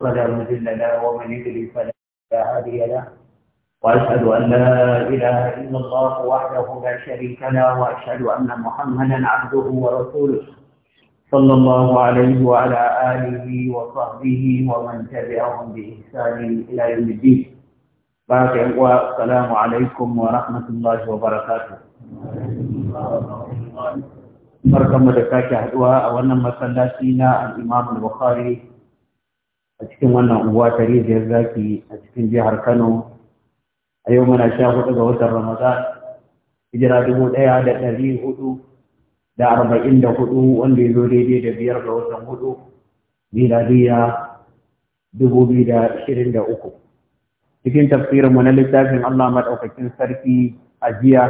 فلا مذل لا ومن يدري فلا هادي له وأشهد أن لا إله إلا الله وحده لا شريك له وأشهد أن محمدا عبده ورسوله صلى الله عليه وعلى آله وصحبه ومن تبعهم بإحسان إلى يوم الدين باقي والسلام عليكم ورحمة الله وبركاته Barakah mereka sake haduwa a wannan masallaci na al-Imam Bukhari a cikin wannan unguwa ta rijiyar zaki a cikin jihar kano a yau muna sha hudu ga watan ramadan hijira dubu ɗaya da ɗari hudu da arba'in da hudu wanda ya zo daidai da biyar ga watan hudu miladiya dubu biyu da ashirin da uku cikin tafsirinmu na littafin allah maɗaukakin sarki a jiya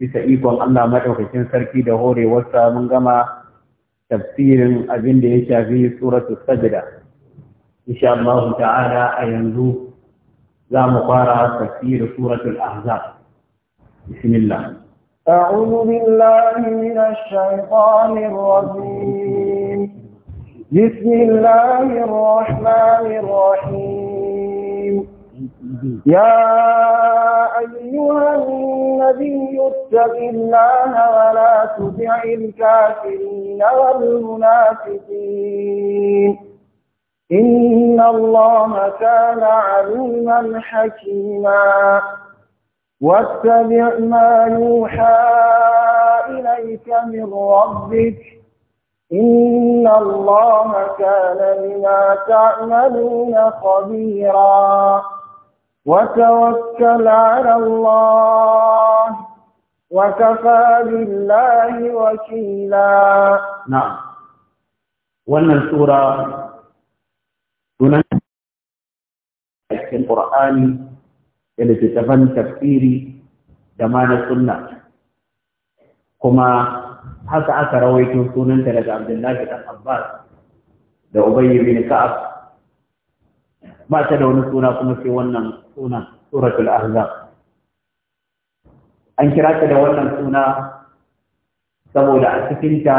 bisa ikon allah maɗaukakin sarki da horewarsa mun gama tafsirin abin da ya shafi suratu sajda شاء الله تعالى أن yanzu لا مقارعة تفسير سورة الأحزاب بسم الله أعوذ بالله من الشيطان الرجيم بسم الله الرحمن الرحيم يا أيها النبي اتق الله ولا تطع الكافرين والمنافقين إن الله كان عليما حكيما واتبع ما يوحى إليك من ربك إن الله كان بما تعملون خبيرا وتوكل على الله وكفى بالله وكيلا نعم وأن السورة cikin Qur'ani da littattafan tafsiri da ma sunna kuma haka aka rawaito sunanta daga Abdullahi dan Abbas da Ubay bin Ka'ab ba ta da wani suna kuma sai wannan sunan suratul ahzab an kira ta da wannan suna saboda a cikinta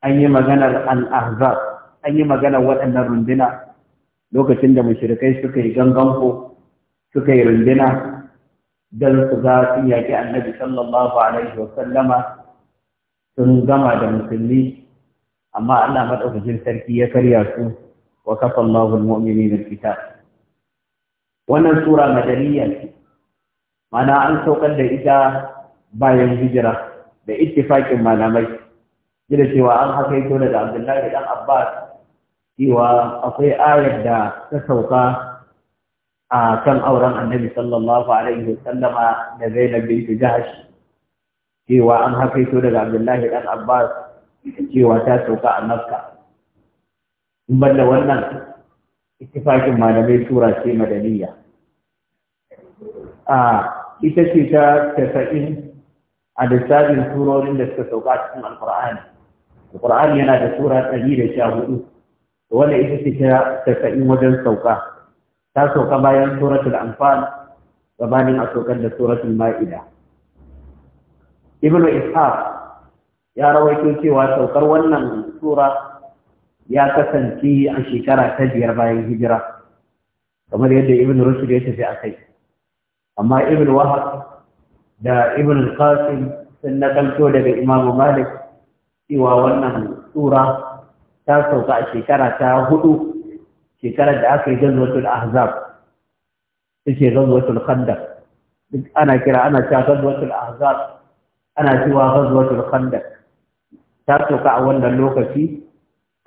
an yi maganar al-ahzab an yi maganar waɗannan runduna lokacin da mashirikai suka yi ganganko suka yi rundina don su ga sun yaƙi annabi sallallahu alaihi wa sallama sun gama da musulmi amma ana maɗaukacin sarki ya karya su wa kafa Allahu na fita wannan sura madaniyya ce mana an saukar da ita bayan hijira da ittifaƙin malamai gida cewa an haka da da Abdullahi dan Abbas cewa akwai ayar da ta sauka a kan auren annabi sallallahu alaihi wasallama da zainab bintu jahash cewa an hakaito daga abdullahi dan abbas cewa ta sauka a makka in banda wannan ittifakin malamai sura ce madaniya a ita ce ta tasa'in a lissafin surorin da suka sauka cikin alkur'ani ƙurani yana da sura ɗari da sha hudu wanda ita ce ta tasa'in wajen sauka ta sauka bayan suratul anfal gabanin a saukar da suratul ma'ida ibnu ishaq ya rawaito cewa saukar wannan sura ya kasance a shekara ta biyar bayan hijira kamar yadda ibn rushd ya tafi a kai amma ibn wahab da ibn qasim sun nakalto daga imamu malik cewa wannan sura ta sauka a shekara ta hudu shekarar da aka yi gazwatul ahzab take gazwatul khandar duk ana kira ana cewa gazwatul ahzab ana cewa gazwatul khandar ta sauka a wannan lokaci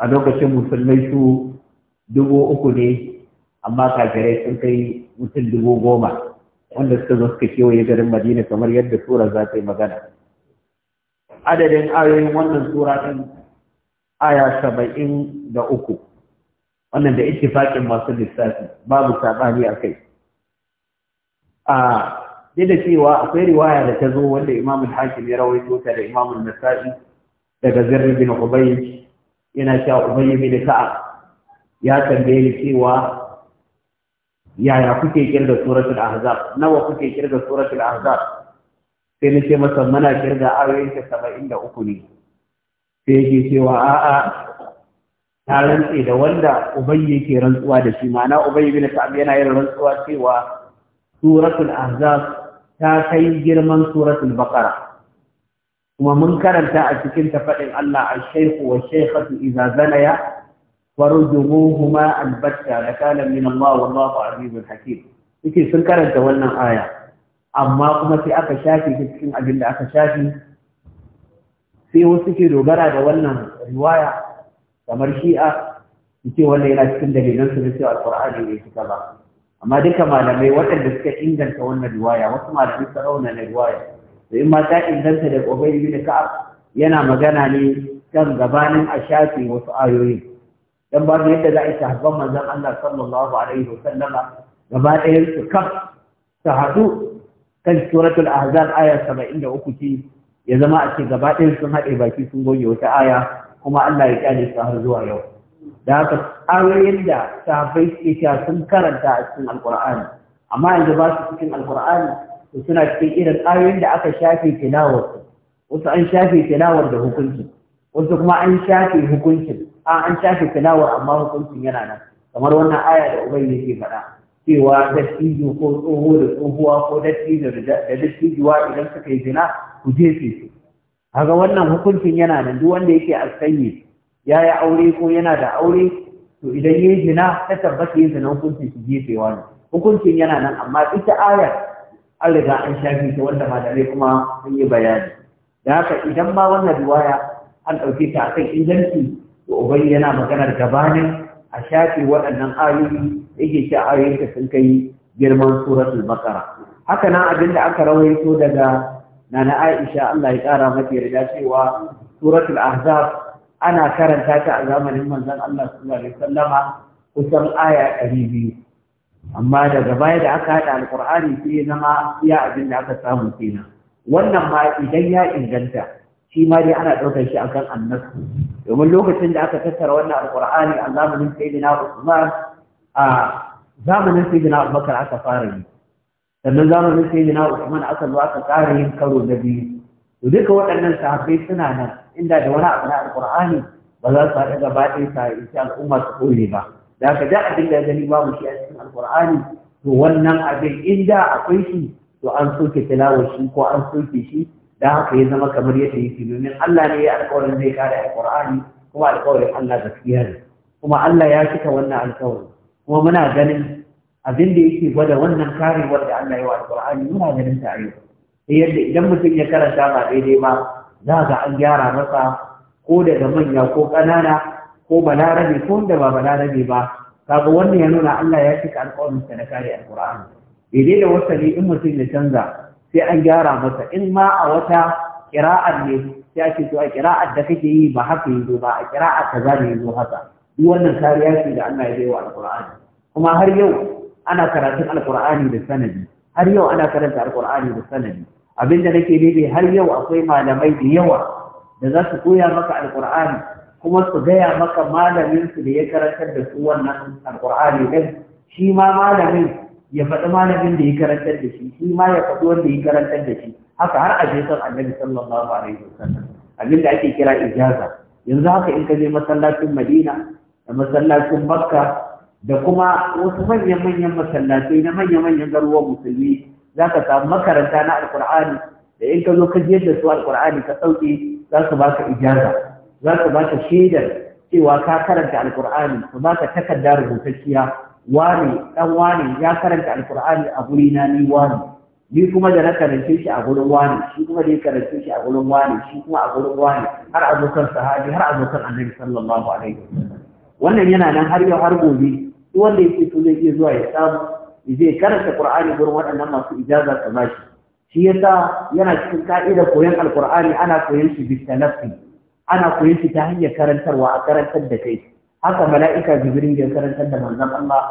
a lokacin musulmai su dubu uku ne amma kafirai sun kai mutum dubu goma wanda suka zo suka kewaye garin Madina kamar yadda sura za ta yi magana. Adadin ayoyin wannan sura ɗin aya saba'in da uku wannan da ittifaƙin masu lissafi babu saɓani a kai a da cewa akwai riwaya da ta zo wanda imam hakim ya rawai ta da imam nasai daga zirin bin ubayi yana cewa ubayi bin ka'a. ya tambaye ni cewa yaya kuke kirga suratul ahzab nawa kuke kirga suratul ahzab sai ce masa muna kirga ayoyin da 73 ne sai yake cewa a'a ta rantse da wanda ubayy yake rantsuwa da shi ma'ana ubayy bin ka'ab yana yin rantsuwa cewa suratul ahzab ta kai girman suratul baqara kuma mun karanta a cikin tafadin Allah al-shaykhu wa shaykhatu idza zanaya farjumuhuma albatta la kana min Allah wallahu azizul hakim yake sun karanta wannan aya amma kuma sai aka shafe cikin abin da aka shafe sai wasu ke dogara da wannan riwaya kamar shi'a ce wannan yana cikin dalilan su da cewa alqur'ani ne suka ba amma duka malamai waɗanda suka inganta wannan riwaya wasu malamai sun rauna na riwaya to in ma ta inganta da ubayy bin ka'ab yana magana ne kan gabanin a shafi wasu ayoyi dan babu yadda za a yi sahabban manzon Allah sallallahu alaihi wasallama gaba ɗayan su kaf su haɗu kan suratul ahzab aya 73 ce ya zama a ce gaba ɗin sun haɗe baki sun goge wata aya kuma Allah ya kyale su har zuwa yau da haka ayoyin da sahabbai suke cewa sun karanta a cikin alkur'ani amma yanzu ba su cikin alkur'ani to suna cikin irin ayoyin da aka shafe tilawar wasu an shafe tilawar da hukunci wasu kuma an shafe hukuncin an shafe tilawar amma hukuncin yana nan kamar wannan aya da ubai yake faɗa cewa dattijo ko tsoho da tsohuwa ko dattijo da dattijuwa idan suka yi zina ku jefe su haka wannan hukuncin yana da duk wanda yake sanyi ya yi aure ko yana da aure to idan yi zina ta tabbata yin zina hukuncin su jefe wani. hukuncin yana nan amma ita ayar an riga an shafi ta wanda malamai kuma sun yi bayani da haka idan ma wannan riwaya an ɗauke ta a kan inganci to ubangi yana maganar gabanin a shafe waɗannan ayoyi yake ce ayoyinta sun kai girman suratul bakara haka nan abin da aka rawaito daga nana Aisha Allah ya kara mata yarda cewa suratul ahzab ana karanta ta a zamanin manzon Allah sallallahu alaihi wasallama kusan aya biyu. amma daga baya da aka hada alqur'ani sai zama iya abin da aka samu kenan wannan ma idan ya inganta shi ma dai ana ɗaukar shi akan annasu domin lokacin da aka tattara wannan alqur'ani a zamanin sayyidina Usman a zamanin sayyidina Abubakar aka fara yi sannan zamanin sayyidina Usman aka zo aka tsara yin karo na biyu to duka waɗannan sahabbai suna nan inda da wani abu na alƙur'ani ba za su haɗu gaba ɗaya ta al'umma su ɗore ba da aka da abin da gani babu shi a cikin alƙur'ani to wannan abin inda akwai shi to an soke tilawar shi ko an soke shi da haka ya zama kamar yadda yake domin Allah ne ya alƙawarin zai kare alƙur'ani kuma alƙawarin Allah gaskiya ne kuma Allah ya cika wannan alƙawarin kuma muna ganin abin da yake gwada wannan karewar da Allah ya wa alƙur'ani muna ganin ta ayyuka sai yadda idan mutum ya karanta ba daidai ba za ga an gyara masa ko daga manya ko ƙanana ko balarabe ko da ba balarabe ba kaga wannan ya nuna Allah ya cika alƙawarinsa na kare alƙur'ani daidai da ne in mutum ya canza sai an gyara masa in ma a wata kira'ar ne sai ake to a kira'ar da kake yi ba haka yi zo ba a kira'ar kaza ya zo haka duk wannan kariya ce da Allah ya bai wa alqur'ani kuma har yau ana karatun alqur'ani da sanadi har yau ana karanta alqur'ani da sanadi abinda nake dade har yau akwai malamai da yawa da za su koya maka alqur'ani kuma su gaya maka malamin su da ya karantar da su wannan alqur'ani din shi ma malamin ya faɗi malamin da ya karantar da shi shi ma ya faɗi wanda ya karantar da shi haka har a jesan annabi sallallahu alaihi wasallam abinda ake kira ijaza yanzu haka in ka je masallacin madina da masallacin makka da kuma wasu manyan-manyan masallatai na manyan manyan garuwa musulmi za ka samu makaranta na alkur'ani da in ka zo ka je da su alkur'ani ka sauke za su baka ijaza za su baka shaidar cewa ka karanta alkur'ani su baka takarda rubutacciya Wane, dan wane ya karanta alkur'ani a guri na ni wane. ni kuma da na karance shi a gurin wane, shi kuma da ya karance shi a gurin wane, shi kuma a gurin wane. har abokan sahabi har abokan annabi sallallahu alaihi wasallam wannan yana nan har yau har gobe duk wanda yake so zai iya zuwa ya samu zai karanta Qur'ani gurin waɗannan masu ijaza ta bashi shi yasa yana cikin ka'ida koyon alqur'ani ana koyon shi bitalafi ana koyon shi ta hanyar karantarwa a karantar da kai haka mala'ika jibril ya karantar da manzon Allah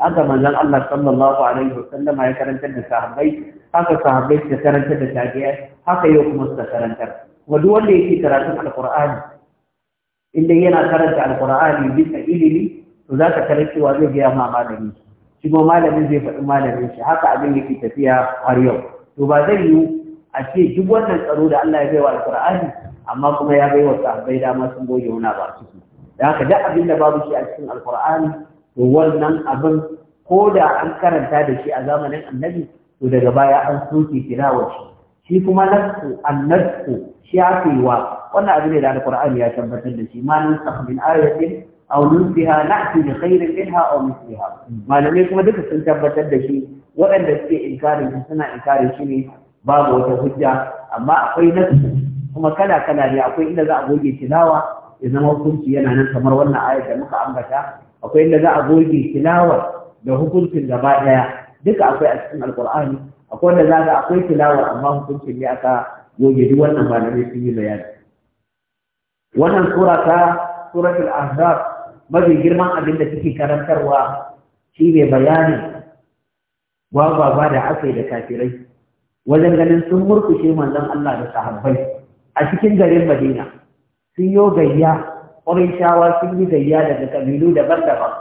haka manzon Allah sallallahu alaihi wasallam ya karantar da sahabbai haka sahabbai ya karantar da tabi'a haka yau kuma suka karantar wa duk wanda yake karatun alqur'ani in yana karanta alkur'ani bisa ilimi to zaka tarar cewa zai gaya ma malami shi ma malamin zai faɗi malamin shi haka abin yake tafiya har yau to ba zai yiwu a ce duk wannan tsaro da Allah ya baiwa alqur'ani amma kuma ya baiwa sahabbai dama sun goge wani ba ciki da haka duk abin da babu shi a cikin alkur'ani to wannan abin ko da an karanta da shi a zamanin annabi to daga baya an soke tilawar shi shi kuma nasu annasu shi ake wa abu ne da alqur'ani ya tabbatar da shi ma nan min ayatin aw nunsiha na'ti bi khairin minha aw mithliha malamai kuma duka sun tabbatar da shi waɗanda suke inkarin shi suna inkarin shi ne babu wata hujja amma akwai nasu kuma kala kala ne akwai inda za a goge tilawa ya zama hukunci yana nan kamar wannan ayat da muka ambata akwai inda za a goge tilawar da hukuncin gaba ɗaya duka akwai a cikin alqur'ani akwai wanda za ka akwai tilawa amma hukuncin ne aka goge duk wannan malamai sun yi bayani wannan sura ta suratul ahzab mafi girman abin da take karantarwa shine bayanin gwagwagwa da aka yi da kafirai wajen ganin sun murkushe manzan Allah da sahabbai a cikin garin Madina sun yo gayya ƙwarin shawa sun yi gayya daga kabilu daban-daban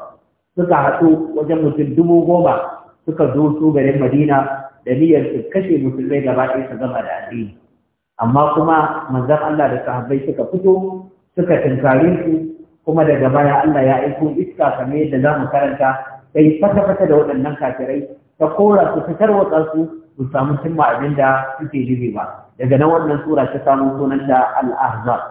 suka haɗu wajen mutum dubu goma suka zo su garin Madina da niyyar su kashe musulmai gaba ɗaya su zama da addini amma kuma manzon Allah da sahabbai suka fito suka tunkare su kuma daga baya Allah ya aiko iska kamar yadda za mu karanta sai fata-fata da waɗannan kafirai ta kora su ta tarwatsa su su samu cimma abinda da suke jibi ba daga nan wannan sura ta samu sunan da al-ahzab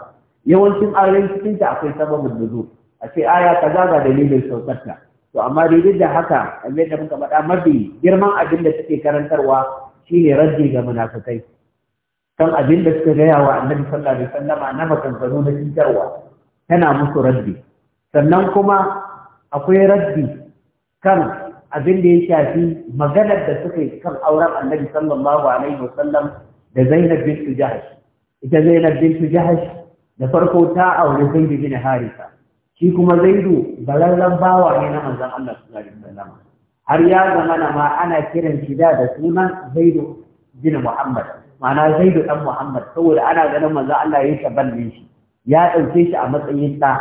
yawancin ayoyin cikin ta akwai sababin nuzu a ce aya kaza ga dalilin saukarta to amma dai duk da haka kamar da muka faɗa mafi girman abin da suke karantarwa shine rajin ga munafikai kan abin da suka gaya wa annabi sallallahu alaihi wasallama na maganganu na cutarwa tana musu raddi sannan kuma akwai raddi kan abin da ya shafi maganar da suka yi kan auren annabi sallallahu alaihi wasallam da Zainab bintu Jahash ita Zainab bintu Jahash da farko ta aure Zaid bin Harisa shi kuma zaidu bararren bawa ne na manzan Allah sallallahu alaihi wasallam har ya zamana ma ana kiran shi da da sunan zaidu bin Muhammad ma'ana zaidu dan Muhammad saboda ana ganin manzan Allah ya tabanne shi ya dauke shi a matsayin da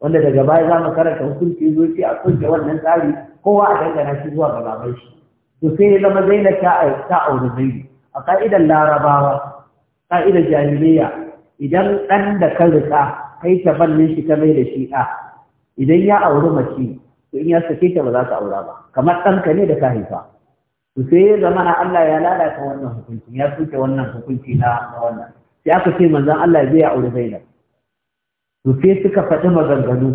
wanda daga baya za mu karanta hukunci zo shi a kunce wannan tsari kowa a dangana shi zuwa ga shi to sai ya zama zainab ta ta aure zaidu a ka'idar larabawa ka'idar jahiliya idan dan da ka rika kai bannin ballin shi ta mai da shi ɗa idan ya auri mace to in ya sake ta ba za ka aura ba kamar ɗanka ne da ka haifa to sai ya zama na Allah ya lalata wannan hukunci ya soke wannan hukunci na wannan sai aka ce manzon Allah zai auri Zainab to sai suka faɗi maganganu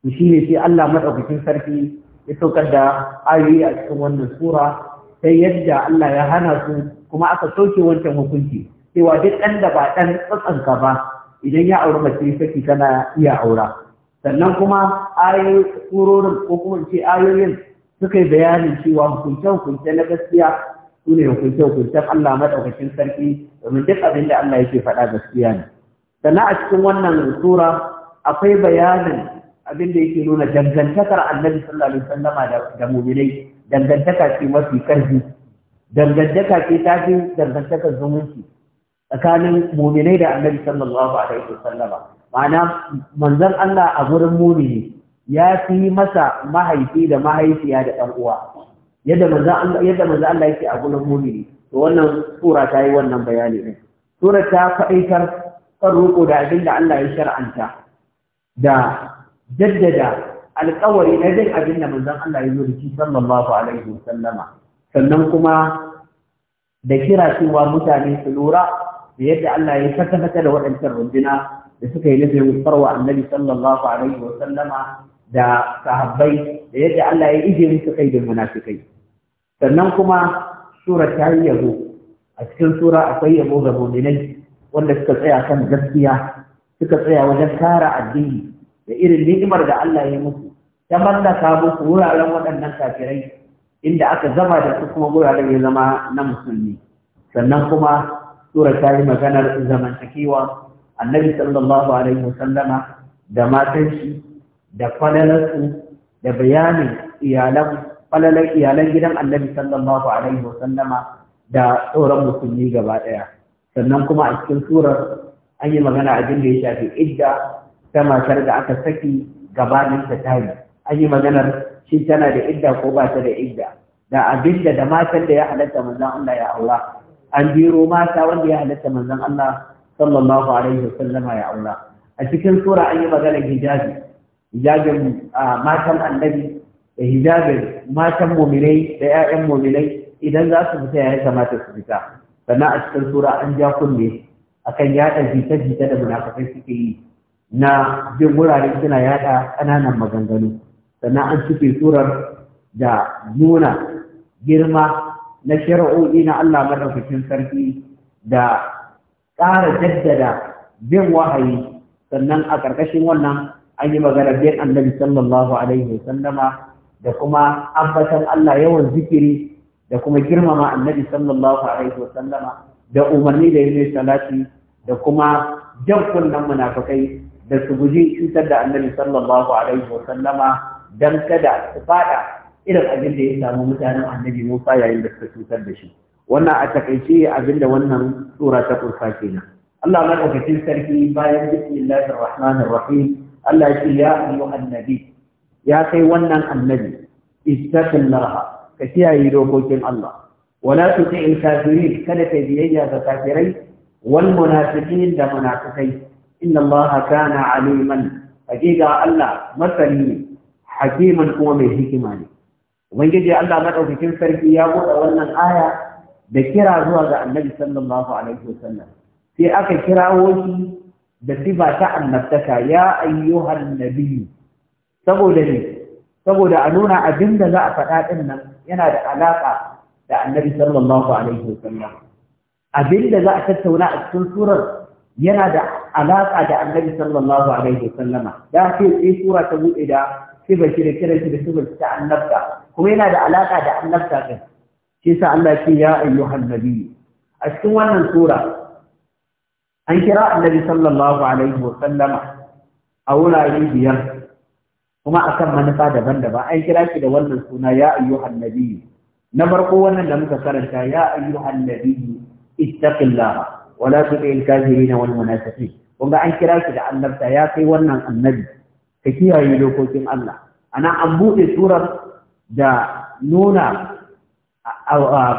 to ne sai Allah madaukakin sarki ya saukar da ayoyi a cikin wannan sura sai yadda Allah ya hana su kuma aka sauke wancan hukunci cewa duk ɗan da ba ɗan tsatsanka ba idan ya auri mace saki tana iya aura sannan kuma ayoyin surorin ko kuma ce ayoyin suka yi bayanin cewa hukunce hukunce na gaskiya su ne hukunce hukuncen Allah madaukakin sarki domin duk abin da Allah yake faɗa gaskiya ne sannan a cikin wannan sura akwai bayanin abin da yake nuna dangantakar annabi sallallahu alaihi wasallam da mu'minai dangantaka ce mafi karfi dangantaka ce ta fi dangantakar zumunci tsakanin muminai da annabi sallallahu alaihi wasallama ma'ana manzon Allah a gurin mumini ya fi masa mahaifi da mahaifiya da ɗan uwa yadda manzon Allah yadda manzon Allah yake a gurin mumini to wannan sura ta yi wannan bayani ne sura ta faɗaitar kan roƙo da abin da Allah ya shar'anta da jaddada alƙawari na jin abin da manzon Allah ya zo da shi sallallahu alaihi wasallama sannan kuma da kira cewa mutane su lura da yadda Allah ya saka da waɗancan runduna da suka yi nufin farwa annabi sallallahu alaihi wa sallama da sahabbai da yadda Allah ya ije musu kai da munafikai sannan kuma sura ta yi yabo a cikin sura akwai yabo ga mu'minai wanda suka tsaya kan gaskiya suka tsaya wajen kara addini da irin ni'imar da Allah ya musu ta mallaka musu wuraren waɗannan kafirai inda aka zama da su kuma wuraren ya zama na musulmi sannan kuma sura ta yi maganar zamantakewa annabi sallallahu alaihi wasallama da matan shi da falalarsu da bayanin iyalan falalar iyalan gidan annabi sallallahu alaihi wasallama da tsoron musulmi gaba ɗaya sannan kuma a cikin surar an yi magana abin da ya shafi idda ta matar da aka saki gabanin ta tari. an yi maganar shi tana da idda ko ba ta da idda da abin da da matan da ya halatta manzon Allah ya aura an jero mata wanda ya halatta manzon Allah sallallahu alaihi wasallama ya aura a cikin sura an yi maganar hijabi hijabin matan annabi da hijabin matan muminai da 'ya'yan muminai idan za su fita ya kamata su fita sannan a cikin sura an ja kunne akan yada jita-jita da munafakai suke yi na bin wurare suna yada ƙananan maganganu sannan an cike surar da nuna girma na shari'o'i na Allah madaukakin sarki da ƙara jaddada bin wahayi sannan a ƙarƙashin wannan an yi magana bin annabi sallallahu alaihi wasallama da kuma ambatan Allah yawan zikiri da kuma girmama annabi sallallahu alaihi wasallama da umarni da yi salati da kuma jan kunnen munafikai da su guji cutar da annabi sallallahu alaihi wasallama dan kada su fada irin abin da ya samu mutanen annabi Musa yayin da suka cutar da shi wannan a takaice abin da wannan sura ta kurfa kenan Allah madaukakin sarki bayan bismillahir rahmanir rahim Allah ya ce ya ayyuhan annabi ya kai wannan annabi ittaqillaha ka kiyaye dokokin Allah wala in kafirin kada ka biyayya ga kafirai wal munafiqin da munafikai inna Allah kana aliman hakika Allah masani hakiman kuma mai hikima ne ubangiji Allah madaukakin sarki ya buɗe wannan aya da kira zuwa ga annabi sallallahu alaihi wasallam sai aka kirawo shi da siba ta annabtaka ya ayyuhan nabiyyu saboda ne saboda a nuna abin da za a faɗa ɗin nan yana da alaƙa da annabi sallallahu alaihi wasallam abin da za a tattauna a cikin surar yana da alaƙa da annabi sallallahu alaihi wasallam da sai sai sura ta buɗe da sifa shi da kiran shi da sifa ta annabta kuma yana da alaka da annabta din shi Allah ce ya ayyuhan nabi a cikin wannan sura an kira annabi sallallahu alaihi wa sallama a wurare biyar kuma akan manufa daban-daban an kira shi da wannan suna ya ayyuhan nabi na farko wannan da muka karanta ya ayyuhan nabi ittaqillaha Wala la tuti al-kafirin wal munafiqin kun an kira shi da annabta ya kai wannan annabi ka kiyaye dokokin Allah ana an buɗe surar da nuna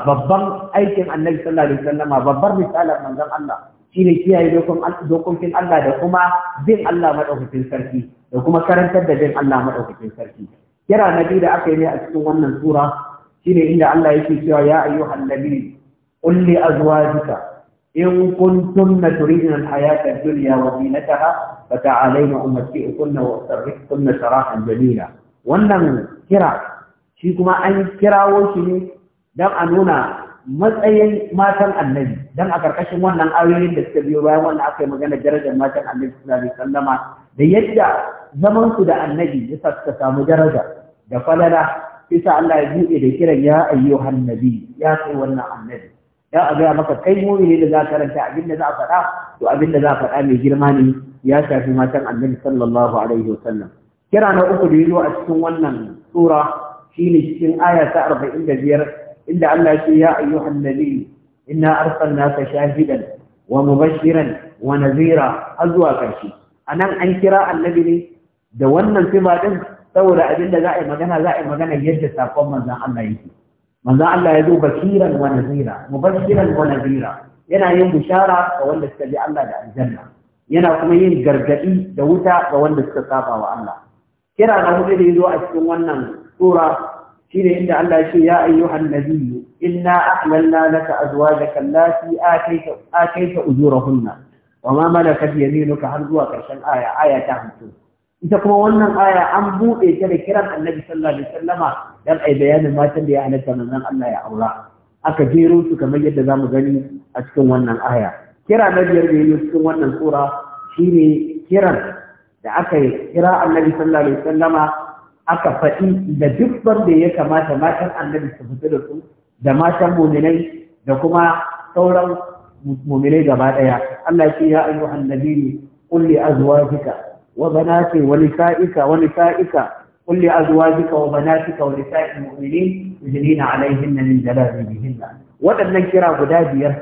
babban aikin annabi sallallahu alaihi wasallama babbar misalar manzon Allah shine kiyaye dokokin Allah da kuma bin Allah madaukakin sarki da kuma karantar da bin Allah madaukakin sarki kira nabi da aka yi ne a cikin wannan sura shine inda Allah yake cewa ya ayyuhan nabi qul li azwajika in kuntunna turidna al-hayata ad-dunya wa zinataha fata'alayna ummati'kunna wa sarrihkunna sarahan jamila wannan kira shi kuma an kirawo shi ne don a nuna matsayin matan annabi don a karkashin wannan ayoyin da suka biyo bayan wannan aka yi magana darajar matan annabi sallallahu alaihi wasallama da yadda zamansu da annabi yasa suka samu daraja da falala yasa Allah ya buɗe da kiran ya ayyuhan nabi ya kai wannan annabi ya a gaya maka kai ne da za karanta abin da za a faɗa to abin da za a faɗa mai girma ne ya shafi matan annabi sallallahu alaihi wasallam kira na uku da yazo a cikin wannan sura shine cikin aya ta 45 inda Allah ya ce ya ayyuhan nabi inna arsalnaka shahidan wa mubashiran wa nazira azwa kashi anan an kira annabi ne da wannan sifa din saboda abin da za a yi magana za a yi magana yadda sakon manzon Allah yake manzon Allah ya zo bashiran wa nazira mubashiran wa nazira yana yin bishara ga wanda suka bi Allah da aljanna yana kuma yin gargadi da wuta ga wanda suka saba wa Allah kira na hudu da yazo a cikin wannan shi shine inda Allah ya ce ya ayyuhan nabiyyu inna ahlalna laka azwajaka allati atayta atayta ujurahunna wa ma malakat yaminuka har zuwa karshen aya aya ta 50 ita kuma wannan aya an bude ta da kiran Annabi sallallahu alaihi wasallama dan ai bayanin matan da ya halatta manzon Allah ya aura aka jero su kamar yadda zamu gani a cikin wannan aya kira na biyar da yake cikin wannan sura shine kiran da aka yi kira Annabi sallallahu alaihi wasallama aka faɗi da duk wanda ya kamata matan annabi su fita da su da matan muminai da kuma sauran muminai gaba ɗaya Allah ya ce ya ayyuha annabi qul kulli azwajika wa banati wa nisa'ika wa nisa'ika qul li azwajika wa banatika wa nisa'il mu'minin yudnina 'alayhinna min jalabibihinna waɗannan kira guda biyar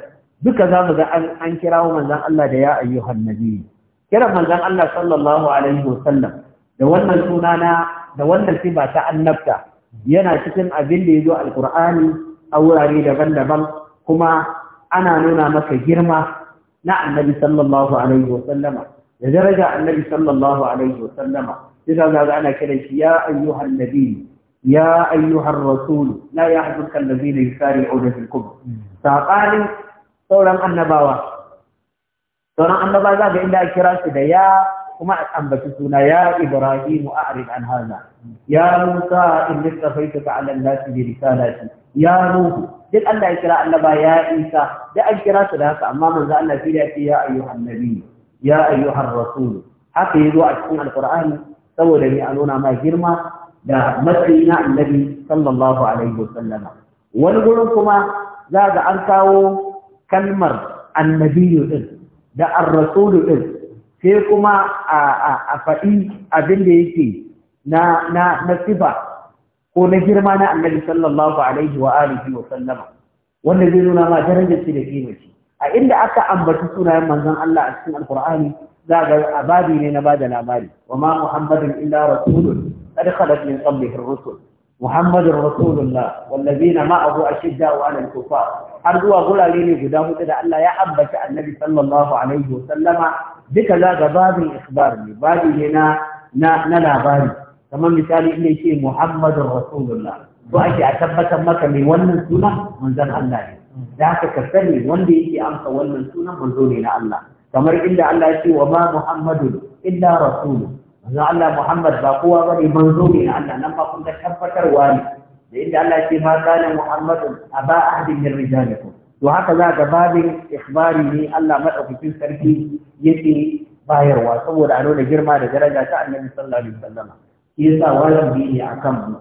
duka za mu ga an kirawo manzon Allah da ya ayyuhan nabi kiran manzon Allah sallallahu alaihi wasallam da wannan suna na da wannan sifa ta annabta yana cikin abin da ya zo alkur'ani a wurare daban-daban kuma ana nuna maka girma na annabi sallallahu alaihi wa sallama da daraja annabi sallallahu alaihi wa sallama إذا rasulu, أنا كليك يا أيها النبي يا أيها الرسول لا يحزنك الذين يسارعون في الكبر فقال سورة النبوة سورة النبوة kira su da ya. kuma a ambaci suna ya Ibrahim a an haza ya Musa in listafaituka ala nasi bi risalati ya ruhu duk Allah ya kira annaba ya Isa duk an kira su da haka amma manzo Allah shi ya ce ya ayyuhan nabi ya ayyuhan rasul haka yazo a cikin alqur'ani saboda ni a nuna ma girma da matsayi na annabi sallallahu alaihi sallama. wani gurin kuma za ga an kawo kalmar annabiyu din da ar-rasulu din sai kuma a faɗi abin da yake na na na sifa ko na girma na annabi sallallahu alaihi wa alihi wa sallama wanda zai nuna ma darajar shi da kima a inda aka ambaci sunayen manzon Allah a cikin alqur'ani za ga ababi ne na bada labari wa ma muhammadun illa rasulun qad khalat min qablihi ar-rusul محمد رسول الله والذين معه أشداء Har الكفار أرجو ne guda غدا da Allah ya أبك annabi sallallahu alaihi wa وسلم duka za ga babin ikhbar ne babi ne na na labari kamar misali ina ce muhammadun rasulullah ko ake a tabbatar maka mai wannan suna manzon Allah ne da haka ka sani wanda yake amsa wannan sunan manzo ne na Allah kamar inda Allah ya ce wa ma Muhammadu illa rasulun manzon Allah Muhammad ba kowa ne manzo ne na Allah nan ba kun ga tabbatarwa ne da inda Allah ya ce ma kana muhammadun aba ahadin min rijalikum to haka za ga babin ikhbari ne Allah madaukakin sarki yake bayarwa saboda a nuna girma da daraja ta annabi sallallahu alaihi wasallama yasa wajibi ne akan mu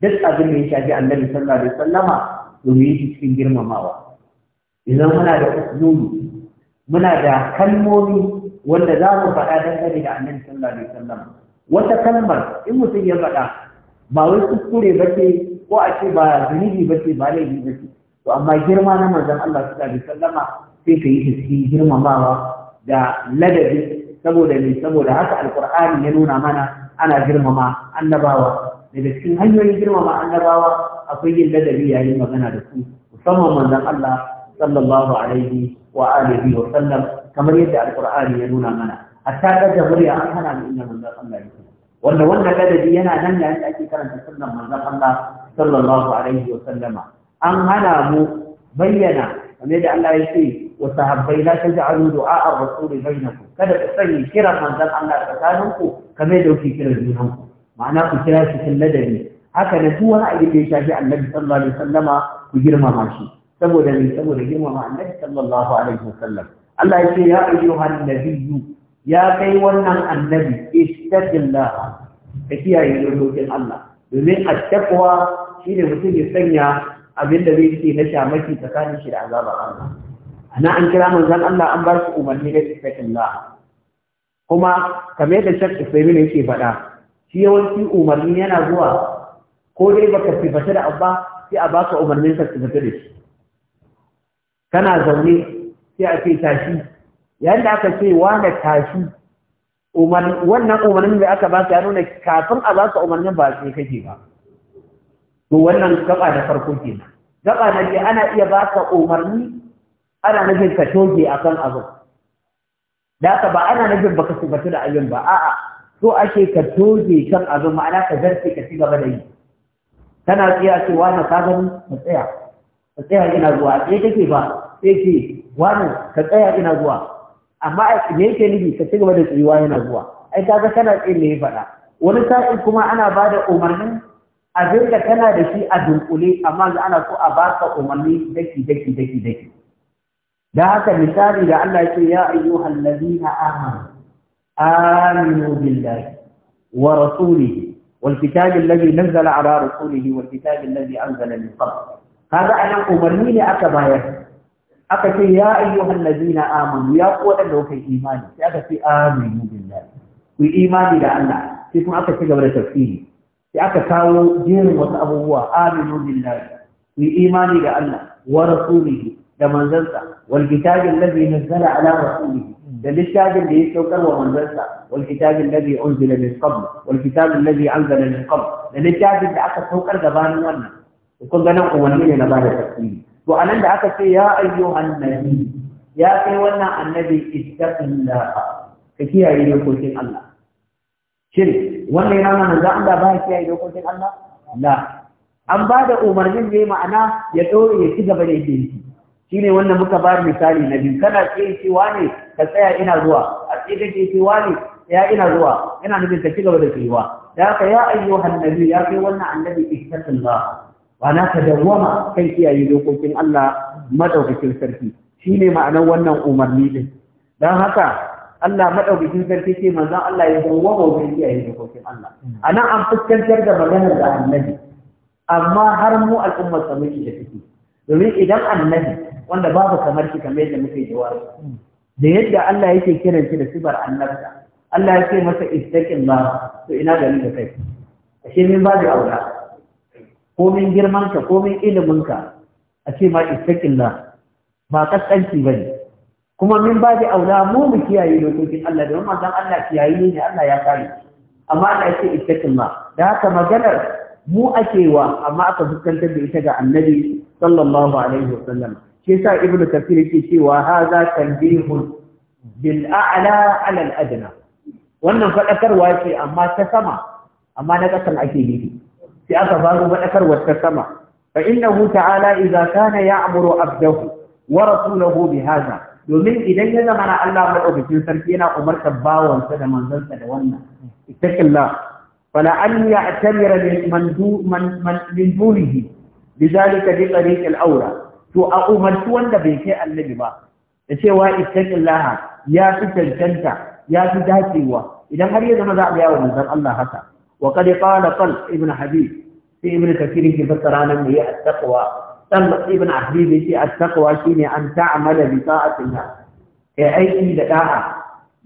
duk abin da ya shafi annabi sallallahu alaihi wasallama to mu yi cikin girmamawa idan muna da usulubi muna da kalmomi wanda za mu faɗa dangane da annabi sallallahu alaihi wasallama wata kalmar in mutum ya faɗa ba wai kuskure ba ce ko a ce ba zunubi ba ce ba laifi ba ce to amma girma na manzon Allah sallallahu alaihi wasallama sai ka yi shi cikin girmamawa da ladabi saboda ne saboda haka alqur'ani ya nuna mana ana girmama annabawa daga cikin hanyoyin girmama annabawa akwai yin ladabi yayin magana da su musamman manzon Allah sallallahu alaihi wa alihi wa sallam kamar yadda alqur'ani ya nuna mana hatta da murya an hana mu inda manzon Allah yake wanda wannan ladabi yana nan yayin da ake karanta sunnan manzon Allah sallallahu alaihi wa sallama an hana mu bayyana kamar da Allah ya ce wa sahabbai la taj'alu du'a ar-rasul bainakum kada ku sani kira manzon Allah tsakanin ku kamar da kuke kira junan ku ma'ana ku kira shi cikin ladabi haka ne duk wani abin da ya shafi Annabi sallallahu alaihi wasallama ku girmama shi saboda ne saboda girmama Annabi sallallahu alaihi wasallam Allah ya ce ya ayyuhan nabiyyu ya kai wannan annabi istaqillaha ka kiyaye dokokin Allah domin at-taqwa shine mutum ya sanya abin da zai rike na shamaki tsakanin shi da azabar Allah ana an kira manzon Allah an ba su umarni da Allah. kuma kamar da sai Ismail yake faɗa shi yawanci umarni yana zuwa ko dai baka sifata da abba sai a baka umarnin ka sifata da shi kana zaune sai a ce tashi yayin aka ce na tashi wannan umarnin da aka ba ka nuna kafin a ka umarnin ba sai kake ba to wannan gaba da farko ke gaba na biyu ana iya ba ka umarni ana nufin ka toge a kan abu da haka ba ana nufin ba ka sifatu da abin ba a'a so ake ka toge kan abu ma'ana ka zarce ka ci gaba da yi tana tsaya ce wani ka gani ka tsaya ka tsaya ina zuwa sai eh, kake ba sai ce wani ka tsaya ina zuwa amma me yake nufi ka ci gaba da tsayuwa yana zuwa ai kaga kana tsaye ne faɗa wani sa'in kuma ana ba da umarnin abin da kana da shi a dunkule amma da ana so a baka umarni daki daki daki daki da haka misali da Allah ya ce ya ayyuhal ladina amanu aminu billahi wa rasulihi wal kitabi alladhi nazzala ala rasulihi wal kitabi alladhi anzala min qabl kaga anan umarni ne aka bayar aka ce ya ayyuhal ladina amanu ya ku da kuka imani sai aka ce aminu billahi ku imani da Allah sai kuma aka ci gaba da tafsiri sai aka kawo jerin wasu abubuwa aminu billahi ku imani da Allah wa rasulihi da manzansa wal kitabin ladhi nazzala ala rasulihi da littafin da ya saukar wa manzansa wal kitabin ladhi unzila min qabl wal kitabin ladhi anzala min qabl da littafin da aka saukar gabanin wannan kun ga nan umarni ne na bada tafsiri to anan da aka ce ya ayyuhan nabi ya kai wannan annabi ittaqillaha ka kiyaye dokokin Allah shin wannan yana nan da Allah ba shi yayi dokokin Allah la an ba da umarnin ne ma'ana ya dore ya ci gaba da yake yi shine wannan muka ba misali na biyu kana ce ce wani ka tsaya ina zuwa a ce kake ce wani ya ina zuwa ina nufin ka ci gaba da tsayuwa da ka ya ayyuhan nabi ya kai wannan annabi ittaqillah wa na tadawwama kai kiyaye dokokin Allah madaukakin sarki shine ma'anar wannan umarni din dan haka Allah madaukakin sarki ce manzon Allah ya zama wa mai kiyaye dokokin Allah nan an fuskantar da maganar da annabi amma har mu al'ummar sa muke da take domin idan annabi wanda babu kamar shi kamar yadda muke jawabi da yadda Allah yake kiran shi da sibar annabta Allah ya ce masa istaqillah to ina gani da kai ashe min ba aura ko min girmanka? ko min ilimin ka a ce ma istaqillah ba kaskanci bane kuma min ba da aula mu mu kiyaye dokokin Allah da manzon Allah kiyaye ne Allah ya kare amma Allah yake ce ittaqillah da haka maganar mu akewa amma aka fuskantar da ita ga annabi sallallahu alaihi wasallam shi yasa ibnu kafir yake cewa hadha tanbihun bil a'la ala al adna wannan fadakarwa ce amma ta sama amma na kasan ake nufi sai aka faru fadakarwa ta sama fa innahu ta'ala idza kana ya'muru abdahu wa rasulahu bi hadha domin idan ya zama na Allah maɗaukakin sarki yana umartar bawansa da manzansa da wannan ittaqillah fala an ya'tamira min dunihi lidhalika bi tariq al-awra to a umarci wanda bai kai annabi ba da cewa ittaqillah ya fi tantanta ya fi dacewa idan har ya zama za a ga wa manzon Allah haka wa qad qala qal ibn habib sai ibn kathir ke fassara nan ne at-taqwa tallat ibn ahbib yace at-taqwa shine an ta'mala bi ta'atillah ya aiki da da'a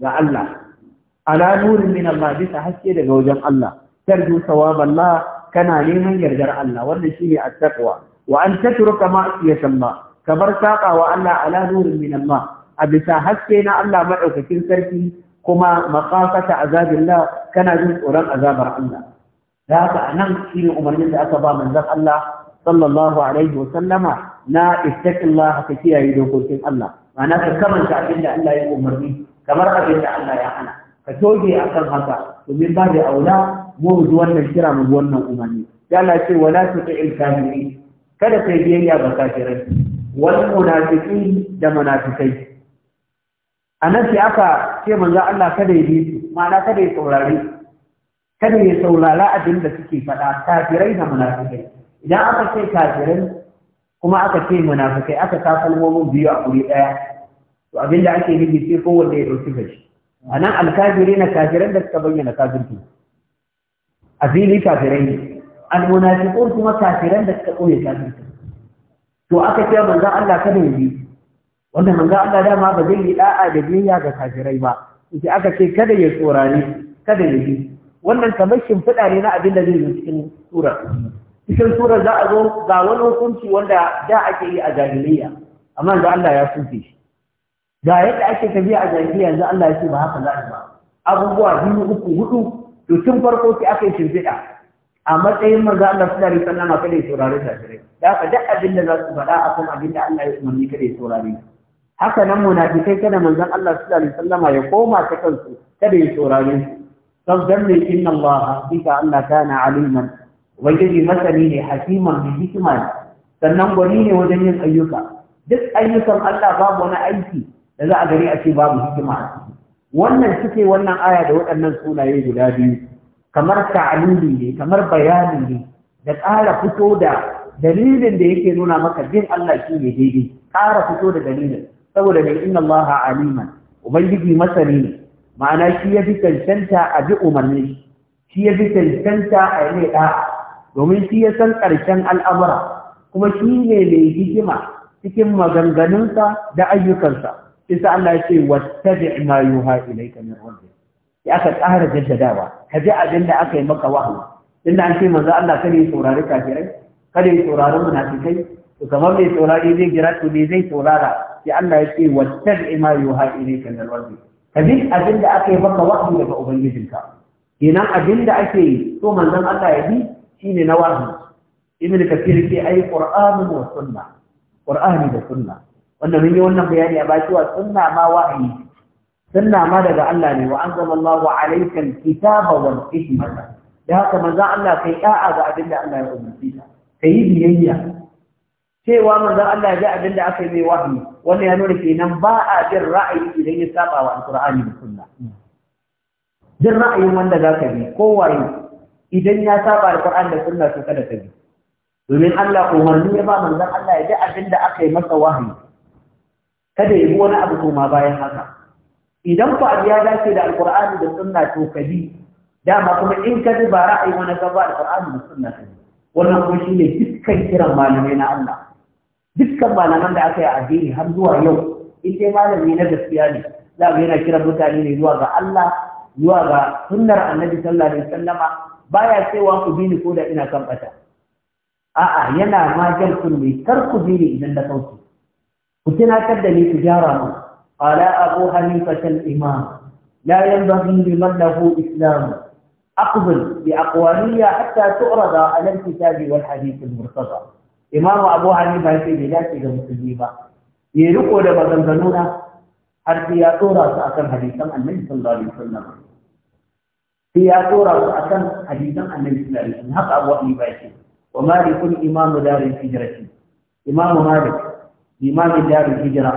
ga Allah ala nurin min Allah bisa haske daga wajen Allah tarju sawaballah kana neman yardar Allah wannan shine at-taqwa wa an tatruka ma'siyatallah kabar saqa wa Allah ala nurin min Allah a bisa haske na Allah madaukakin sarki kuma maqafata azabillah kana jin tsoron azabar Allah da haka nan shine umarnin da aka ba manzon Allah sallallahu alaihi wa sallama na ittaqillah ka kiyaye dokokin Allah ma'ana ka kamanta abin da Allah ya umarni kamar abin da Allah ya hana ka toge akan haka domin ba da aula mu bi wannan kira mu wannan umarni ya Allah ce wala tuti'il kafirin kada kai biyayya ga kafirai wal munafiqin da munafikai anan sai aka ce manzo Allah kada ya bi su ma'ana kada ya saurare kada ya saurara abin da suke faɗa kafirai da munafikai idan aka ce kafirin kuma aka ce munafikai aka sa kalmomin biyu a kuri ɗaya to abin da ake nufi sai wanda ya dauki gashi a nan alkafiri na kafirin da suka bayyana kafirci azili kafirai ne almunafiqun kuma kafirin da suka ɓoye kafirci to aka ce manzon Allah kada ya bi wanda manzon Allah dama ba zai yi da'a da biyayya ga kafirai ba sai aka ce kada ya tsorani kada ya bi wannan kamar shimfiɗa ne na abin da zai yi cikin surar cikin surar za a zo ga wani hukunci wanda da ake yi a jahiliya amma yanzu Allah ya sufe shi ga yadda ake tafiya a jahiliya yanzu Allah ya ce ba haka za a ba abubuwa biyu uku hudu to tun farko ki aka yi shirfiɗa a matsayin maza Allah suna rikon nama kada ya saurari shafirai da haka duk abin da za su faɗa a kan abin da Allah ya umarni kada ya saurari haka nan munafikai kada manzon Allah sallallahu alaihi wasallama ya koma ta kansu kada ya saurare su sabdan ne inna Allah hakika Allah kana aliman ubangiji masani ne hakiman mai hikima ne sannan gwani ne wajen yin ayyuka duk ayyukan Allah babu wani aiki da za a gani a ce babu hikima a ciki wannan suke wannan aya da waɗannan sunaye guda biyu kamar ta'alili ne kamar bayani ne da ƙara fito da dalilin da yake nuna maka jin Allah shi ne daidai ƙara fito da dalilin saboda mai inna Allah aliman ubangiji masani ne ma'ana shi ya fi cancanta a bi umarni shi ya fi cancanta a yi da'a domin shi ya san ƙarshen al'amura kuma shi ne mai hikima cikin maganganunsa da ayyukansa isa Allah ya ce wattabi ma yuha ilayka min rabbik ya ka tsara jaddadawa ka ji abin da aka yi maka wahala. inda an ce manzo Allah kada ya saurari kafirai kada ya saurari munafikai to kamar mai saurari zai jira to ne zai saurara Ya Allah ya ce wattabi ma yuha ilayka min rabbik ka ji abin da aka yi maka wahayi daga ubangijinka kenan abin da ake yi to manzon Allah ya bi shine na wahayi ibn kafir ke ai qur'anu wa sunna qur'ani da sunna Wannan, mun yi wannan bayani a baki wa sunna ma wahayi sunna ma daga Allah ne wa anzalallahu alayka alkitaba wal hikmata da haka manzo Allah kai da'a ga abin da Allah ya umarci ka kai biyayya cewa manzon Allah ji abin da aka yi mai wahayi wannan ya nuna kenan ba a jin ra'ayi idan ya saba wa alqur'ani da sunna jin ra'ayin wanda zaka bi ko waye idan ya saba da Qur'an da sunna to kada ta bi domin Allah umarni ya ba manzon Allah ya ji abin da aka yi masa wahayi kada ya bi wani abu kuma bayan haka idan ku abu ya dace da alqur'ani da sunna to kadi dama kuma in ka ji ba ra'ayi wani ka ba alqur'ani da sunna ka wannan kuma shine dukkan kiran malamai na Allah dukkan malaman da aka yi addini har zuwa yau in dai malami na gaskiya ne za mu yana kiran mutane ne zuwa ga Allah zuwa ga sunnar annabi sallallahu alaihi wasallama baya cewa ku bi ni ko da ina kan a'a yana ma jan kun kar ku bi ni idan da kanku ku tana kadda ni ku jara mu qala abu hanifa al imam la yanbaghi li man lahu islam aqbal bi aqwaliya hatta tu'rada al kitab wal hadith al murtada imam abu hanifa sai da yake ga musulmi ba yayi riko da maganganu na har ya tsora su akan hadisan annabi sallallahu alaihi wasallam sai ya tura su akan hadisan annabi sallallahu alaihi wasallam haka abu ba yake wa kun imamu hijira hijrati imamu malik imamu darul hijira.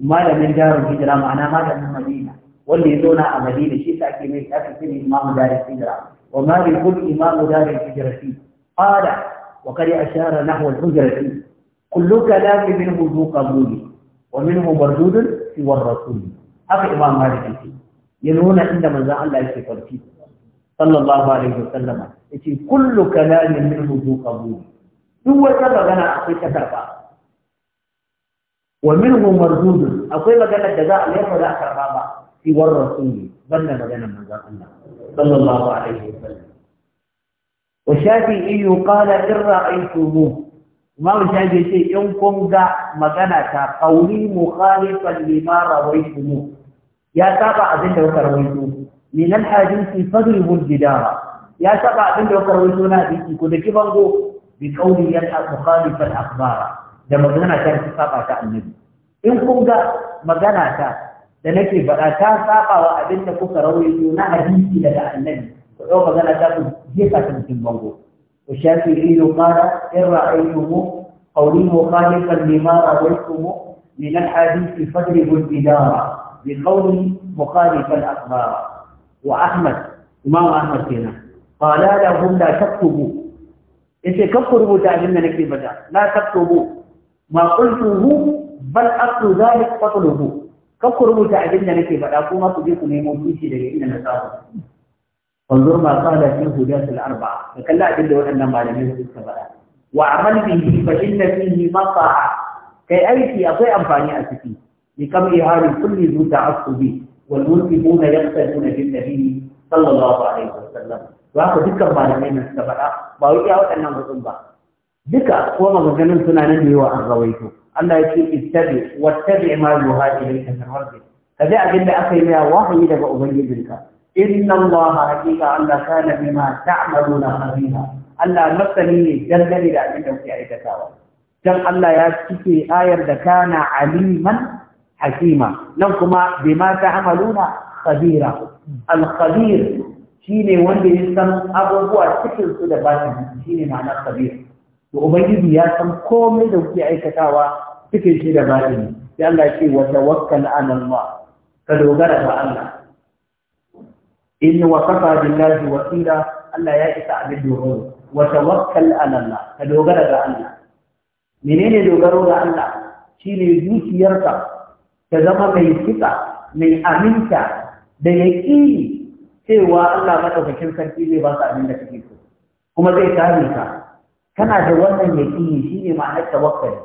malamin darul hijira ma'ana malamin madina wanda ya zauna a madina shi sa ake mai aka ce imamu darul hijira. wa kun imamu hijira hijrati qala wa qad ashara nahwa al-hijrati kullu kalamin minhu ذو قبول ومنه مردود سوى الرسول هذا امام مالك يقول ya nuna inda manzan Allah yake farki sallallahu alaihi wasallama yace kullu kalamin minhu zu qabul duk wata magana akwai ta karba wa minhu mardud akwai magana da za a yi ba za a karba ba fi war rasuli banda magana manzan Allah sallallahu alaihi wasallam wa shafi'i qala in ra'aytumuhu Imam Shafi'i ce in kun ga magana ta qauli mukhalifan lima rawaytumu يا سبع بنت وكرويتو من الحاجنس فضرب الجدار يا سبع بنت وكرويتونا نادي كدك بانقو بكوني يلحق مخالف الأخبار لما قلنا كانت سبع تأمن إن كنت ما قلنا تنكي بقى كان سبع وابنت وكرويتونا حديثي لدى النبي ويوم قلنا تأمن جيكا تنكي بانقو قال إن رأيتم قولي مخالفا لما رأيتم من الحديث فضرب الجدار بقول مخالف الأخبار وأحمد إمام أحمد هنا قال لهم لا تكتبوا إذا كفروا تعلمنا نكتب لا تكتبوا ما قلته بل أصل ذلك قتله كفروا تعلمنا نكتب لا كما تجيكم يموتون شيء لأن نساهم فانظر ما قال في هداة الأربعة فكلا أدل وأن ما لم يهد السبعة وعمل به فإن فيه مقع كي أيتي أطيع أنفاني أسفين بقمعها لكل ذو تعصب والمنصفون يقتدون بالنبي صلى الله عليه وسلم وهذا ذكر malamai nan suka faɗa ba wai iya waɗannan mutum ba duka ko maganganun suna nan da wa a rawaito Allah ya ce ittabi wattabi ma yuha ilayka min rabbik kaje abin da aka yi mai wahayi daga ubangijinka inna Allah hakika Allah kana bima ta'maluna khabira Allah masani ne dangane da abin da kuke aikatawa dan Allah ya cike ayar da kana aliman hakima nan kuma bima ta'maluna Kabira Alkabir shine wanda ya san abubuwa cikin da ba su shine ma'anar khabir to ubangiji ya san komai da kuke aikatawa cikin shi da batini sai Allah ce wa tawakkal ala ka dogara ga Allah in wa kafa billahi wakila Allah ya isa abin ka dogara ga Allah menene dogaro ga Allah shine zuciyarka ta zama mai kitsa mai aminta da yaƙini cewa Allah madaukakin sarki zai ba su abin da kake so kuma zai kare ka kana da wannan shi shine ma'anar tawakkali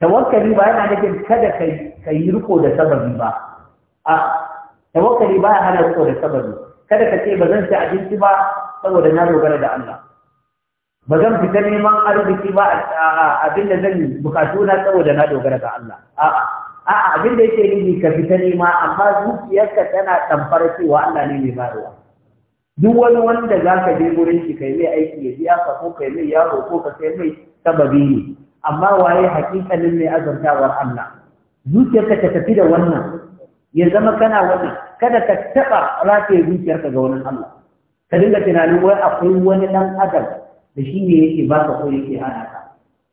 tawakkali ba yana nufin kada ka yi riko da sababi ba a tawakkali ba ya hana riko da sababi kada ka ce ba zan ci abinci ba saboda na dogara da Allah ba zan fita neman arziki ba a abin da zan bukatu na saboda na dogara da Allah a'a a'a abin da yake nufi ka fita nema amma zuciyarka tana tamfar cewa Allah ne mai bayarwa duk wani wanda za ka je gurin shi kai mai aiki ya biya ka ko kai mai yaro ko ka kai mai sababi ne amma waye hakikalin mai azurtawar Allah zuciyarka ta tafi da wannan ya zama kana wannan kada ka taba rataye zuciyarka ga wani Allah ka dinga tunanin wai akwai wani dan adam da shi ne yake baka ko yake hana ka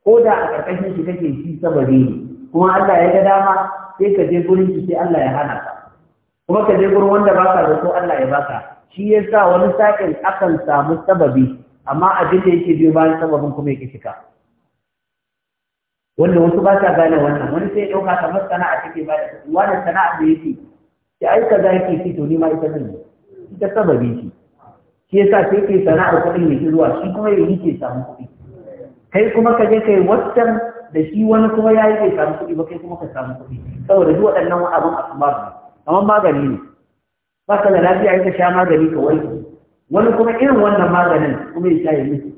ko da a karkashin shi kake shi sababi ne kuma Allah ya ga dama sai ka je gurin ki sai Allah ya hana ka kuma ka je gurin wanda ba ka zato Allah ya baka shi ya sa wani sakin akan samu sababi amma abin da yake biyo bayan sababin kuma yake shiga wanda wasu ba sa gane wannan wani sai ya ɗauka kamar sana'a take ba da da sana'a da yake ki ka za ki ci to ni ma ita zan yi ita sababi ce shi sa sai ke sana'a kuɗin ya zuwa shi kuma ya yi ke samu kuɗi kai kuma ka je kai wancan da shi wani kuma ya yi bai samu kuɗi ba kai kuma ka samu kuɗi saboda duk waɗannan abin asbab ba kamar magani ne ba ka da lafiya ya sha magani ka warke wani kuma irin wannan maganin kuma ya sha ya mutu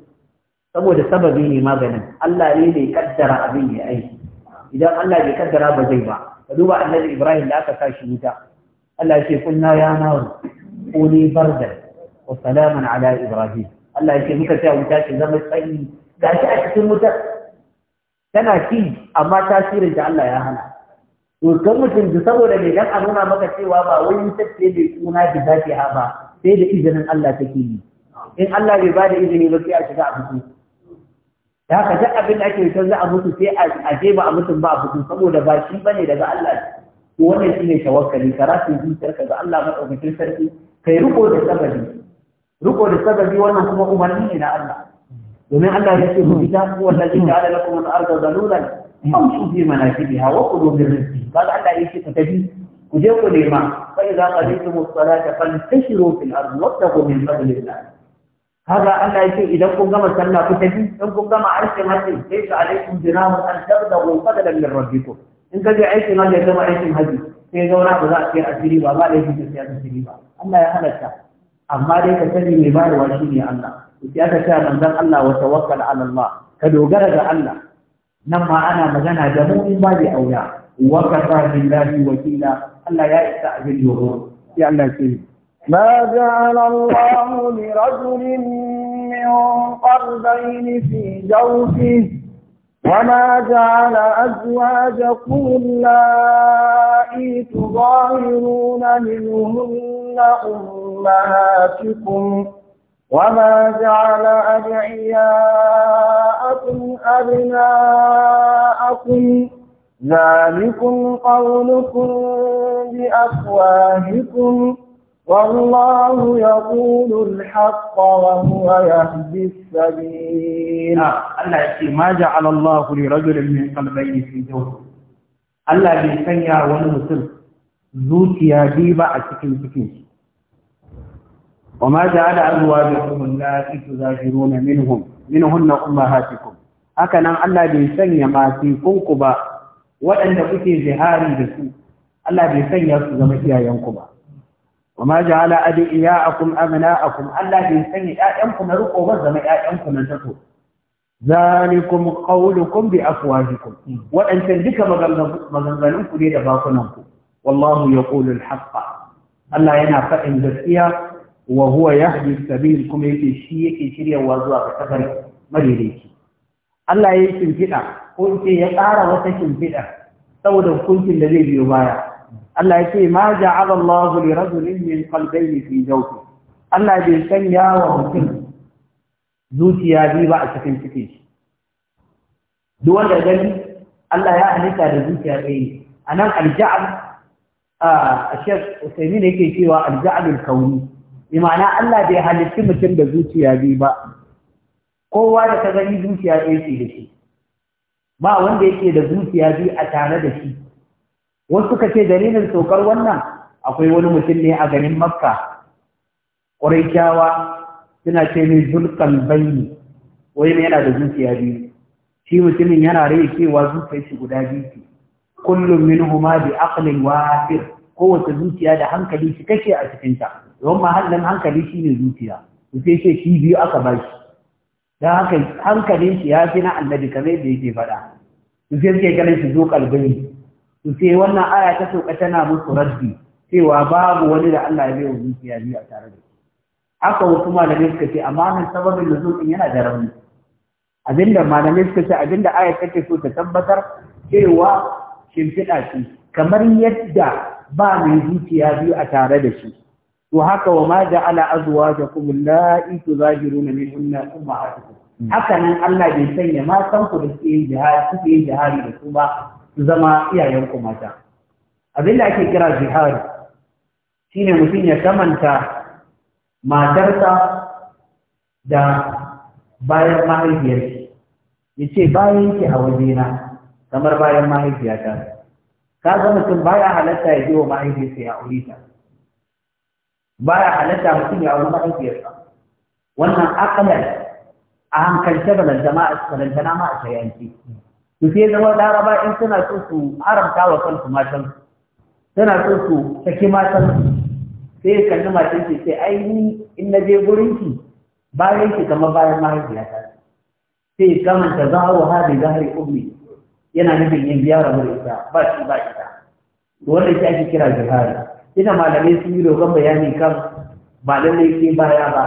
saboda sababi ne maganin Allah ne mai kaddara abin ya aiki idan Allah bai kaddara ba zai ba ka duba annabi Ibrahim da aka wuta Allah ya ce kunna ya nawo kuni barda wa salaman ala Ibrahim Allah ya ce muka ce wuta ce zama tsayi gashi a cikin wutar. tana ki amma tasirin da Allah ya hana to kan mutum da saboda ne dan a nuna maka cewa ba wani tafiye da kuna da zaki ha ba sai da izinin Allah take yi in Allah bai ba da izini ba sai a shiga a fito da haka duk abin da ake son za a mutu sai a je ba a mutum ba a fito saboda ba shi bane daga Allah to wannan shine tawakkali karatu sarka ga Allah madaukakin sarki kai riko da sabari ruko da sabari wannan kuma umarni ne na Allah domin Allah ya ce mu ta ku wanda ke da lakum al-ardh zalulan amshu fi manakibiha wa qulu bi rizqi kaga Allah ya ce ka tafi ku je ku nema fa idza qaditum as-salata fantashiru fil ardi wabtagu min fadlillah kaga Allah ya ce idan kun gama sallah ku tafi idan kun gama aikin hajji sai ku alaikum dinamun an tabdagu fadlan min rabbikum in ka je aikin hajji ya zama aikin haji sai zauna ba za a ce asiri ba ba da yake sai asiri ba Allah ya halatta amma dai ka sani mai bayarwa shi ne Allah sai aka ce manzon Allah wa tawakkal ala Allah ka dogara ga Allah nan ma ana magana da mu in babu auya wa kafa billahi wakila Allah ya isa abin dogaro sai Allah ya ce ما جعل الله لرجل من قربين في جوفه وما جعل أزواجكم اللائي تظاهرون منهن أمهاتكم وما جعل أدعياءكم أبناءكم ذلكم قولكم بأفواهكم والله يقول الحق وهو يهدي السبيل الله ما جعل الله لرجل من قلبين في جوفه الله بيسنيا ونمسل زوتيا ديبا أتكين تكين وما جعل أزواجكم اللاتي تظاهرون منهم منهن أمهاتكم هكذا الله بيسن ما في كنكبا وأن كنتي زهاري بسو الله بيسن يرسل يا ينكبا وما جعل أدئياءكم أبناءكم الله بيسن يأينكم رقوا وزم يأينكم أنتكم ذلكم قولكم بأفواهكم وأن تندك مغنغنكم لدباطنكم والله يقول الحق الله ينافع الدفئة wa huwa yahdi sabil kuma yake shi yake shiryawa zuwa ga kafar madaidaici Allah ya yi shimfiɗa ko in ce ya tsara wata shimfiɗa saboda hukuncin da zai biyo baya Allah ya ce ma ja'ala Allahu li rajulin min qalbayni fi jawfi Allah bai sanya wa mutum zuciya biyu ba a cikin cikin shi duk wanda gani Allah ya halitta da zuciya ɗaya ne a nan alja'al a shek usaimi ne yake cewa alja'alul kauni imana Allah bai halitti mutum da zuciya biyu ba kowa da ta gani zuciya ɗaya ce da shi ba wanda yake da zuciya biyu a tare da shi wasu suka ce dalilin saukar wannan akwai wani mutum ne a ganin makka Ƙwarai kyawa suna ce mai zulkan bayni wani yana da zuciya biyu shi mutumin yana rai cewa zuciya shi guda biyu ce kullum min huma bi aqlin wahid kowace zuciya da hankali shi kake a cikin ta. don mahallin hankali shi ne zuciya sai ce shi biyu aka ba shi don haka hankalin shi ya fi na annabi kamar da yake faɗa sai suke ganin shi zo kalbini sai wannan aya ta sauka tana musu raddi cewa babu wani da Allah ya bai wa zuciya biyu a tare da shi haka wasu malamai suka ce amma nan sababin nuzul din yana da rauni abinda malamai suka ce abinda Aya take so ta tabbatar cewa shimfiɗa shi kamar yadda ba mai zuciya biyu a tare da shi to haka wa ma ja'ala azwajakum allati tuzahiruna minhunna ummahatukum haka nan Allah bai sanya matan ku da suke jihadi suke jihadi da su ba zama iyayen ku mata abin da ake kira jihadi shine mutum ya kamanta matarsa da bayan mahaifiyarki ya ce bayan ki a wajena kamar bayan mahaifiyata ka ga mutum baya halatta ya ji wa mahaifiyarsa ya aure ta baya halatta mutum ya wani mahaifiyarsa wannan akalar a hankalce kalantana ma a shayanci su sai zama laraba in suna so su haramta wa kansu matan suna so su saki matan sai ya kalli matan ce sai ai ni in na je gurinki bayan ki kama bayan mahaifiyata sai a zaharo da zahari ummi yana nufin yin biyar da ita ba shi ba ita wanda shi ake kira jihari ina malamai sun yi dogon bayani kan ba lallai sai baya ba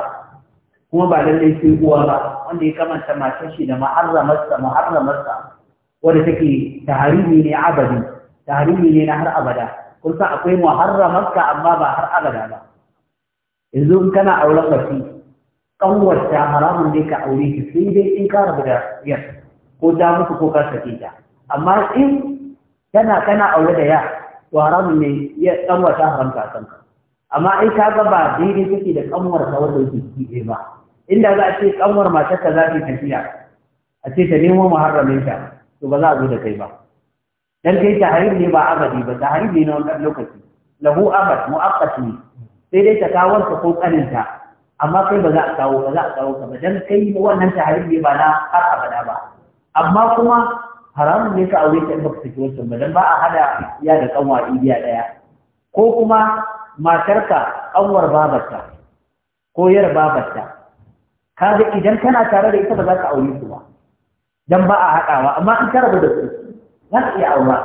kuma ba lallai sai uwa ba wanda ya kamanta matar shi da ma'arramarsa ma'arramarsa wanda take tarihi ne abadi tarihi ne na har abada kun akwai muharramarka amma ba har abada ba yanzu in kana auren mace kanwarta haramun ne ka aure ki sai dai in ka rabu da yar ko da muku ko ka sake ta amma in kana kana aure da ya to haramun ne ya kanwar ta haramta a kanka amma in ka ga ba daidai kake da kanwar ka wanda yake kiɗe ba inda za a ce kanwar matar ka za ta tafiya a ce ta nemo muharramin ta to ba za a zo da kai ba dan kai ta harin ne ba abadi ba ta harin ne na wannan lokaci lahu abad mu'aqqat ne sai dai ta kawar ka ko kaninta amma kai ba za a kawo ba za a kawo ka ba dan kai wannan ta harin ne ba na har abada ba amma kuma haramun ne ka aure ta in baka saki wancan ba dan ba a hada ya da kanwa iya daya ko kuma matarka kanwar babarta ko yar babarta kaga idan kana tare da ita ba za ka aure su ba dan ba a hadawa amma in ka da su za ka iya aura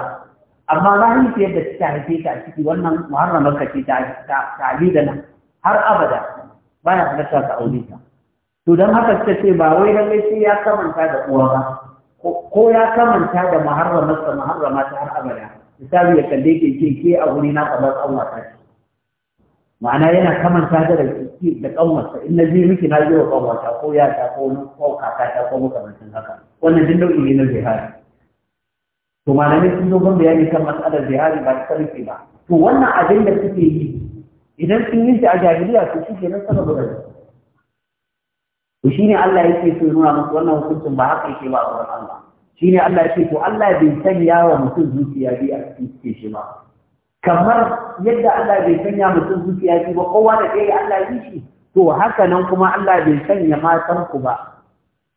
amma mahaifiyar da ta haife ta a ciki wannan muharramar ka ce ta ta nan har abada Ba ya halatta ka aure ta to dan haka suka ce ba wai dan sai ya kamanta da uwa ba ko ya kamanta da muharramarsa muharrama ta har abada misali ya kalle ke ke ke a wuri na kamar Allah ta ma'ana yana kamanta da rikici da kanwarsa in na je miki na je wa kanwata ko ya ta ko ko kaka ta ko makamancin haka wannan duk nau'i ne na jihadi to malamai sun dogon bayani kan matsalar jihadi ba ta rufe ba to wannan abin da suke yi idan sun yi shi a jahiliya to shi ke nan saboda to shine Allah yake so nuna musu wannan hukuncin ba haka yake ba a wurin Allah shine Allah yake to Allah bai sanya wa mutum zuciya bi a cikin shi ba kamar yadda Allah bai sanya mutum zuciya bi ba kowa da kai Allah yi shi to haka nan kuma Allah bai sanya matan ku ba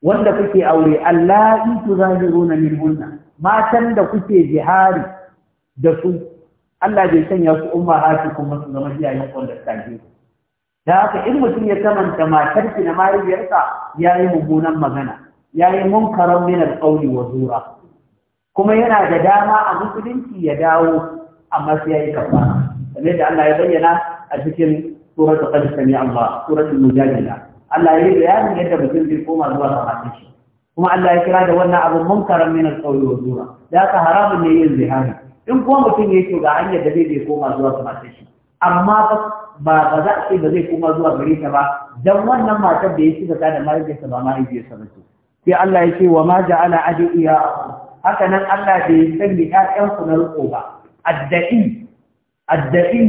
wanda kuke aure Allah in min minhunna matan da kuke jihari da su Allah bai sanya su umma hati kuma su zama iyayen wanda take da haka in mutum ya kamanta matar ki na mahaifiyarsa ya yi mummunan magana ya yi munkaran min alƙawli wa zura kuma yana da dama a musulunci ya dawo amma sai ya yi kafa kamar da Allah ya bayyana a cikin suratul qad sami Allah suratul mujadila Allah ya yi bayanin yadda mutum zai koma zuwa ga shi kuma Allah ya kira da wannan abun munkaran min alƙawli wa zura da haka haramun ne yin zihari in kuma mutum ya ce ga hanyar da zai koma zuwa ga shi amma ba ba za a ce ba zai koma zuwa gare ta ba dan wannan matar da yake zata da sa ba mahaifiyarsa ba ce sai Allah ya ce wa ma ja'ala adiya haka nan Allah bai sanya ƴaƴan ku na riko ba addai addai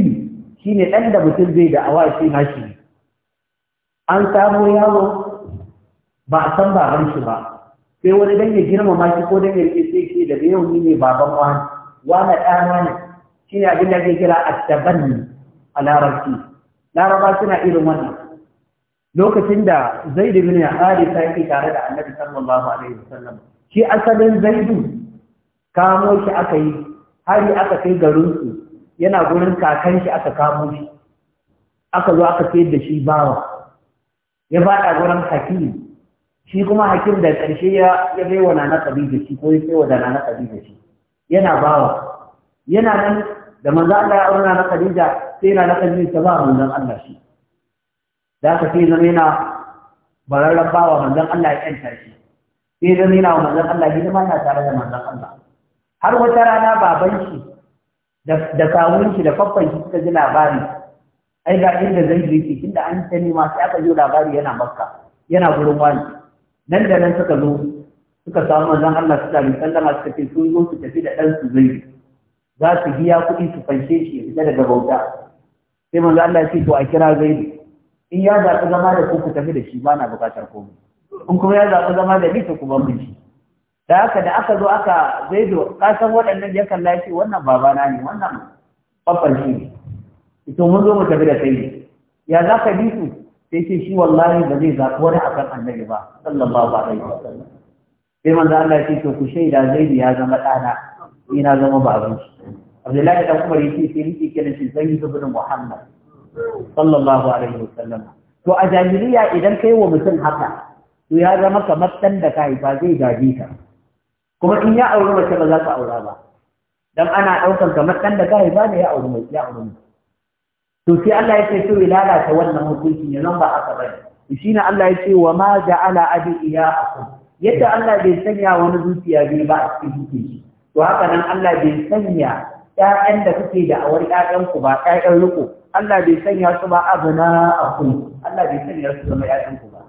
shine dan da mutum zai da awa shi na shi an samu yawo ba a san baban shi ba sai wani dan ya ma shi ko dan ya ce sai ke da yau ni ne baban wani wani ɗana ne shine abin da ake kira attabanni a larabci laraba suna irin wannan lokacin da zaidu bin harisa yake tare da annabi sallallahu alaihi wasallam shi asalin zaidu kamo shi aka yi hari aka kai garin su yana gurin kakan shi aka kamo shi aka zo aka sayar da shi bawa ya fada gurin hakim shi kuma hakim da karshe ya ya wa nana da shi ko ya wa da nana da shi yana bawa yana nan da manzo Allah ya aura nana Khadija sai na na kalli ta ba manzon Allah shi da ka sai zama yana bararren wa manzon Allah ya yanta shi sai zama yana wa manzon Allah hidima yana tare da manzon Allah har wata rana baban shi da kawun shi da faffan shi suka ji labari ai ga inda zai yake da an ta nema sai aka ji labari yana makka yana gurin wani nan da nan suka zo suka samu manzon Allah suka bi sallama suka ce sun zo su tafi da ɗansu zai za su biya kuɗi su fanshe shi ya fita daga bauta sai manzo Allah ya ce to a kira Zaid in ya zaɓi zama da ku ku tafi da shi ba na buƙatar komai in kuma ya zaɓi zama da ni to ku mun shi da haka da aka zo aka Zaidu kasan waɗannan ya kalla ya ce wannan babana ne wannan babban shi ne to mun zo mu tafi da sai ya za ka bi su sai ce shi wallahi ba zai zaɓi wani akan annabi ba sallallahu alaihi wa sallam sai manzo Allah ya ce to ku shaida Zaidu ya zama ɗana ina zama baban shi abdullahi dan umar yake sai nake kiran shi zaid ibn muhammad sallallahu alaihi wasallam to a jahiliya idan kai wa mutum haka to ya zama kamar dan da kai ba zai gaji ka kuma in ya auri mace ba za ka aura ba dan ana daukar kamar dan da kai ba ne ya auri mace ya auri to sai Allah ya ce to ilala ta wannan hukunci ne nan ba aka bane shine Allah ya ce wa ma ja'ala abi iyyakum yadda Allah bai sanya wani zuciya biyu ba a cikin zuciya to haka nan Allah bai sanya ƴaƴan da kuke da awar ƴaƴan ku ba ƴaƴan riko Allah bai sanya su ba abuna akun Allah bai sanya su zama ƴaƴan ku ba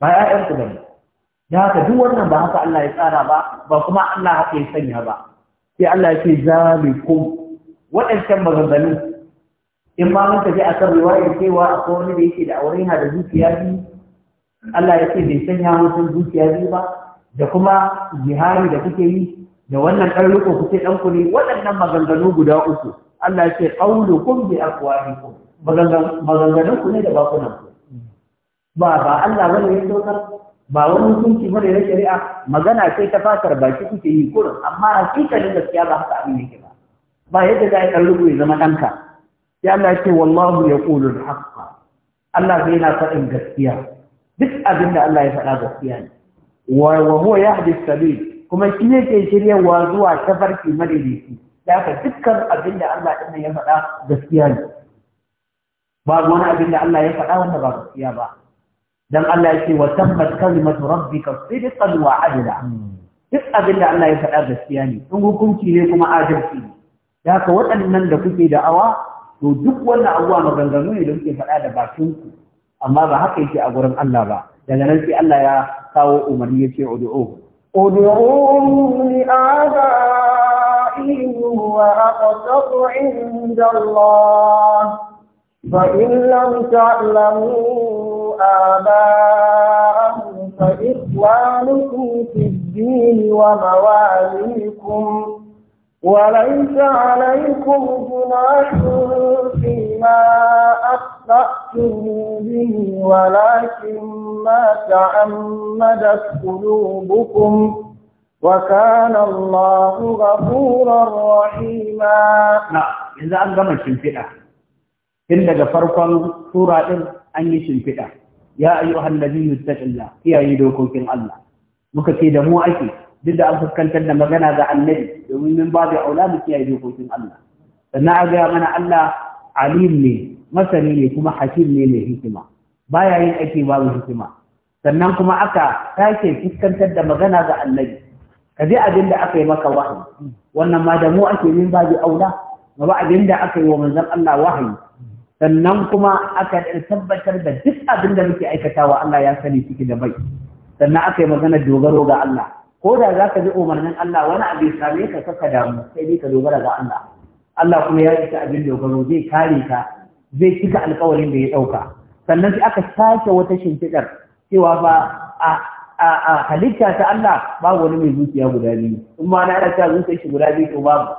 ba ƴaƴan ku bane da haka duk wannan ba haka Allah ya tsara ba ba kuma Allah haka ya sanya ba sai Allah ya ce zalikum waɗancan maganganu in ma mun tafi kan riwayar cewa akwai wani da yake da aure yana da zuciya biyu Allah ya ce bai sanya mutum zuciya biyu ba da kuma jihari da kuke yi da wannan ɗan riko kuke ɗanku ne waɗannan maganganu guda uku Allah ya ce qaulukum bi aqwalikum maganganun ku ne da bakunan ku ba ba Allah wani ya saukar ba wani hukunci bane na shari'a magana sai ta fatar baki kuke yi kurin amma hakikalin gaskiya ba haka abin yake ba ba yadda za a yi ɗan riko ya zama ɗanka sai Allah ce wallahu yaqulu da haqqa Allah zai na faɗin gaskiya duk abin da Allah ya faɗa gaskiya ne wa huwa yahdi sabil kuma shi ne ke shiryarwa zuwa tafarki madaidaici da haka dukkan abin da Allah ya faɗa gaskiya ne ba wani abin da Allah ya faɗa wanda ba gaskiya ba dan Allah ya ce wa tammat kalimatu rabbika sidqan wa adla duk abin da Allah ya faɗa gaskiya ne in hukunci ne kuma adalci ne da haka waɗannan da kuke da awa, to duk wannan abuwa maganganu ne da kuke faɗa da bakin ku amma ba haka yake a gurin Allah ba daga nan sai Allah ya kawo umarni ya ce ud'uhu ادعوهم لآبائهم وأقسط عند الله فإن لم تعلموا آباءهم فإخوانكم في الدين ومواليكم وليس عليكم جناح فيما أخطأتم تأتوا به ولكن ما تعمدت قلوبكم وكان الله غفورا رحيما نعم إذا أنقم الشنفئة إن جفركم سورة أن يشنفئة يا أيها الذين اتق الله يا يدوكم في الله مكتيد مو أكيد duk da an fuskantar da magana ga annabi domin min babu aula mu kiyaye dokokin Allah sannan a ga mana Allah alim ne masani ne kuma hakim ne mai hikima baya yin aiki babu hikima sannan kuma aka sake fuskantar da magana ga annabi ka ji abin da aka yi maka wahayi wannan ma da mu ake yin babu aula gaba abin da aka yi wa manzon Allah wahayi sannan kuma aka tabbatar da duk abin da muke aikatawa Allah ya sani ciki da bai sannan aka yi magana dogaro ga Allah ko da za ka ji umarnin Allah wani abin same ka saka damu sai dai ka dogara ga Allah Allah kuma ya isa abin dogaro zai kare ka zai cika alkawarin da ya ɗauka sannan sai aka sake wata shimfiɗar cewa ba a halitta ta Allah babu wani mai zuciya guda biyu in ma na ana ta zuciya shi guda biyu to babu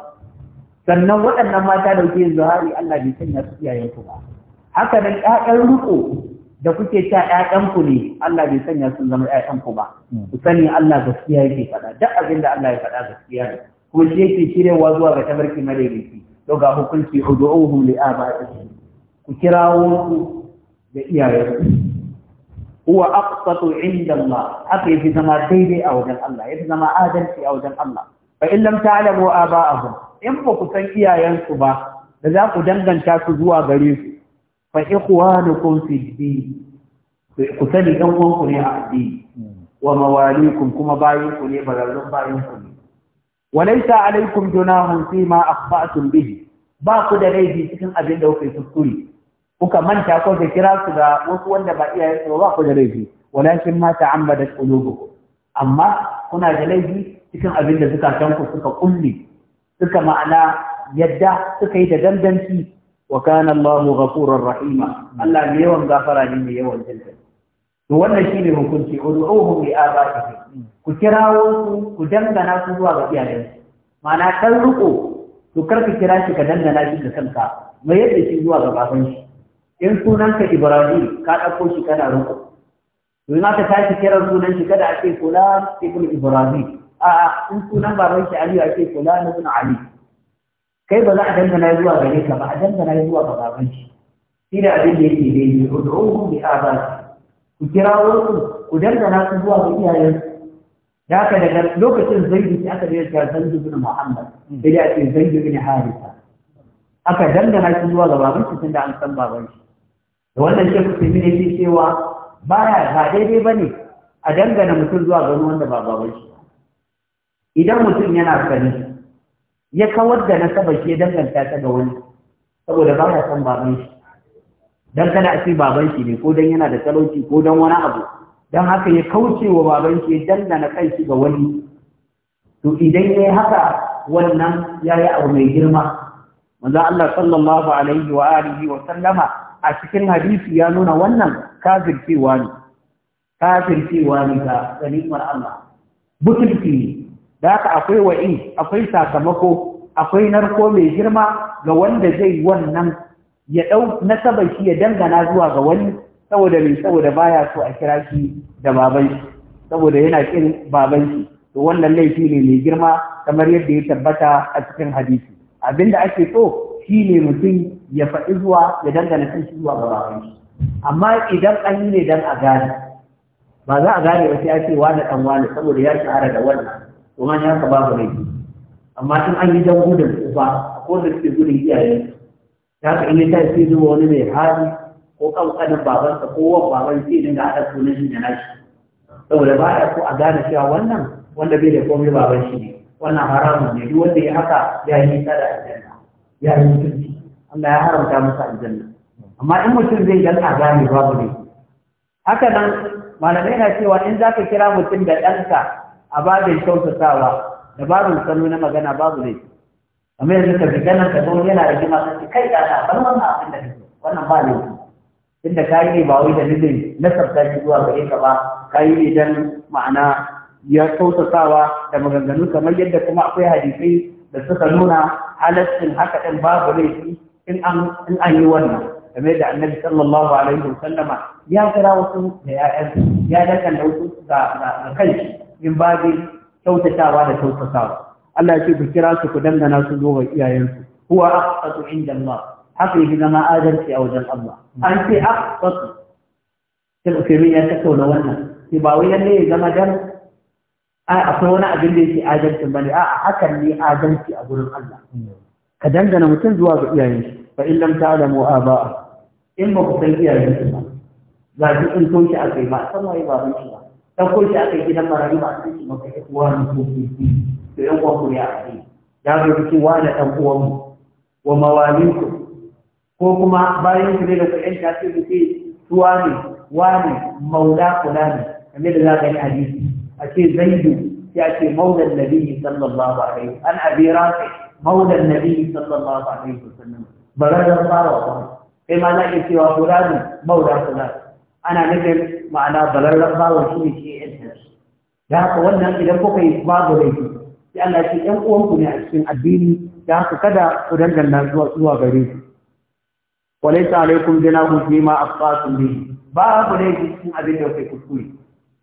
sannan waɗannan mata da kuke yanzu Allah bai sanya su iyayen ku ba haka nan ƴaƴan riko da kuke ta ƴaƴan ku ne Allah bai sanya su zama ƴaƴan ku ba ku sani Allah gaskiya yake faɗa duk abin da Allah ya faɗa gaskiya ne kuma shi yake shirewa zuwa ga tabarki madaidaici to ga hukunci ud'uhum li aba'ihim ku kirawo su da iyayenku huwa aqsatu inda Allah haka yafi zama daidai a wajen Allah yafi zama adalci a wajen Allah fa in lam ta'lamu aba'ahum in ba ku san iyayensu ba da za ku danganta su zuwa gare su fa ikhwanukum fi din ku sani ɗan uwanku ne a addini wa mawalikum kuma bayinku ne bararrun bayinku ne walaysa alaikum junahun fi ma akhta'tum bihi ba ku da laifi cikin abin da kuke kuskure kuka manta ko da kira su da wasu wanda ba iya su ba ku da laifi walakin ma ta'ammadat qulubukum amma kuna da laifi cikin abin da zukatan ku suka kulle suka ma'ana yadda suka yi da dandanci wa kana Allahu ghafurur rahima Allah ne yawan gafara ne ne yawan jinkai to wannan shine hukunci ud'uhum li abaihi ku kirawo su ku dangana su zuwa ga iyayen ma'ana kan riko to karka kira shi ka dangana shi da kanka mai yadda shi zuwa ga baban shi in sunanka Ibrahim ka ɗauko shi kana roƙo in ka tashi kiran sunan shi kada a ce ibn Ibrahim a in sunan baban shi Aliyu a ce na ibn Ali kai ba za a dangana zuwa gare ka ba a dangana zuwa ga baban shi shi da abin da yake daidai ud'uhu bi abati ku kira wasu ku dangana su zuwa ga iyayen da haka daga lokacin zaidu sai aka daina ta zaidu ibn Muhammad sai da ake zaidu ibn Harisa aka dangana shi zuwa ga baban shi tunda an san baban shi da wannan shi tafi ne shi cewa baya ba daidai ba ne a dangana mutum zuwa gani wanda ba baban shi idan mutum yana sani ya kawar da nasabar shi ya danganta ta ga wani saboda ba ya san baban shi dan kana a ce baban shi ne ko dan yana da talauci ko dan wani abu dan haka ya kauce wa baban shi ya dangana kanshi ga wani to idan ya yi haka wannan yayi abu mai girma manzo Allah sallallahu alaihi wa alihi wa sallama a cikin hadisi ya nuna wannan kafircewa ne kafircewa ne ga ganimar Allah mutunci ne da haka akwai wa'i akwai sakamako akwai narko mai girma ga wanda zai wannan ya dau nasabar shi ya dangana zuwa ga wani saboda mai saboda baya so a kira shi da baban shi saboda yana kin baban shi to wannan laifi ne mai girma kamar yadda ya tabbata a cikin hadisi abinda ake so shine mutum ya faɗi zuwa ya dangana kan shi zuwa gaba baban shi amma idan an yi ne dan a gane ba za a gane ba sai ake wani dan wani saboda ya shahara da wannan kuma ya ka babu rai. amma tun an yi dan gudun uba ko da suke gudun iyaye ya ka in yi ta sai zuwa wani mai hali ko kan baban babansa ko wani baban sai dinga haɗa sunan shi da nashi saboda ba ya so a gane cewa wannan wanda bai da komai baban shi ne wannan haramun ne duk wanda ya haka ya yi tsada a aljanna ya yi mutunci Allah ya haramta masa aljanna amma in mutum zai dan azami babu ne haka nan malamai na cewa in za ka kira mutum da ɗanka a babin kyautatawa da babin sanu na magana babu ne amma yanzu ka bi ganin ka zama yana rage jima ka kai da na bar wannan abin da kake wannan ba ne tunda ka yi ne ba wai dalilin nufin nasarta shi zuwa gare ka ba ka yi ne dan ma'ana ya kyautatawa da maganganu kamar yadda kuma akwai hadisi da suka nuna halaccin haka ɗin babu laifi in an yi wannan game da annabi sallallahu alaihi wa sallama ya kira wasu da ya'yan ya dakan da wasu da kai in ba dai kyautatawa da kyautatawa Allah ya ce ku kira su ku dangana su zo ga iyayensu huwa aqsatu inda Allah haka yake zama adalci a wajen Allah an ce aqsatu sai ukaimin ya da wannan sai ba wai ne ya zama dan akwai wani abin da yake adalcin bane a'a hakan ne adalci a gurin Allah ka dangana mutum zuwa ga iyayen shi fa in lam ta'lamu aba'a in ba ku san iyayen shi ba za ki in kun a kai ba san waye baban shi ba dan kun shi akai gidan marayu ba san shi ba kai kuwa ne ko ki to yan uwan ku ne a kai da ga kike wa da dan uwan mu wa mawalinku ko kuma bayan ku ne da ku yan tafi ku ce suwa ne wa ne maula kula ne kamar da za ka yi hadisi a ce zaidu ya ce maulan nabiyyi sallallahu alaihi an abi rafi na a مولى النبي صلى الله عليه fara برد الله kai ma na ke cewa fulani maula kula. ana nufin ma'ana balarran bawa shi ne ke yanta Ya haka wannan idan kuka yi babu laifi sai Allah ce ɗan uwanku ne a cikin addini Ya haka kada ku dangana zuwa zuwa gare su walaita alaikum jinahu fi ma a afqatum bi babu ne cikin abin da kai kuskure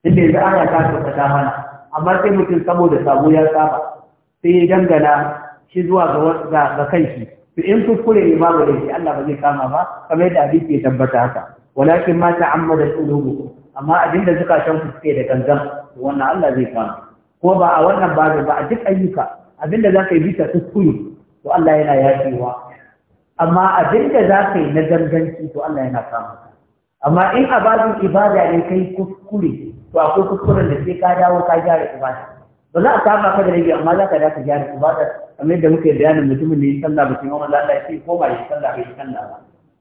inda yanzu ana ta ta mana amma sai mutum saboda sabo ya saba sai ya dangana shi zuwa ga kanki, to in kuskure ne ba gare shi Allah ba zai kama ba kamar yadda abin ke tabbata haka walakin ma ta'ammada qulubukum amma abin da suka ku kuskure da gangan wannan Allah zai kama ko ba a wannan ba ba a duk ayyuka abin da zaka yi bisa kuskure to Allah yana yafewa amma abin da zaka yi na ganganci to Allah yana kama amma in a babin ibada ne kai kuskure to akwai kuskuren da sai ka dawo ka gyara ibada ba za a saba ka da rabi amma za ka dace gyara ku ba da kamar yadda muke bayanin mutumin da ya sallah ba kuma Allah ya ce ko ba ya sallah ba ya sallah ba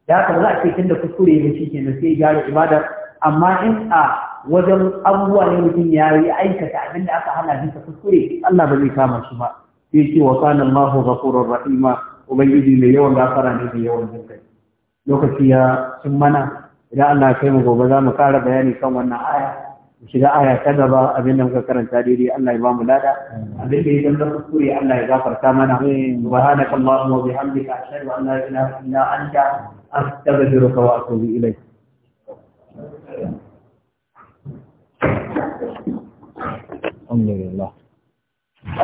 da haka za a ce tunda kuskure ne shi na sai gyara ibada amma in a wajen abubuwa ne mutum ya yi aikata abin da aka hana bisa kuskure Allah ba zai kama shi ba sai ce wa kana Allahu ghafurur rahima ubangiji mai yawan gafara ne mai yawan jinkai lokaci ya cin mana idan Allah ya kai mu gobe za mu kara bayani kan wannan aya shiga aya ta gaba abin da muka karanta daidai Allah ya ba mu lada abin da idan da kuskure Allah ya gafarta mana subhanaka allahumma wa bihamdika ashhadu an la ilaha illa anta astaghfiruka wa atubu ilayk الحمد لله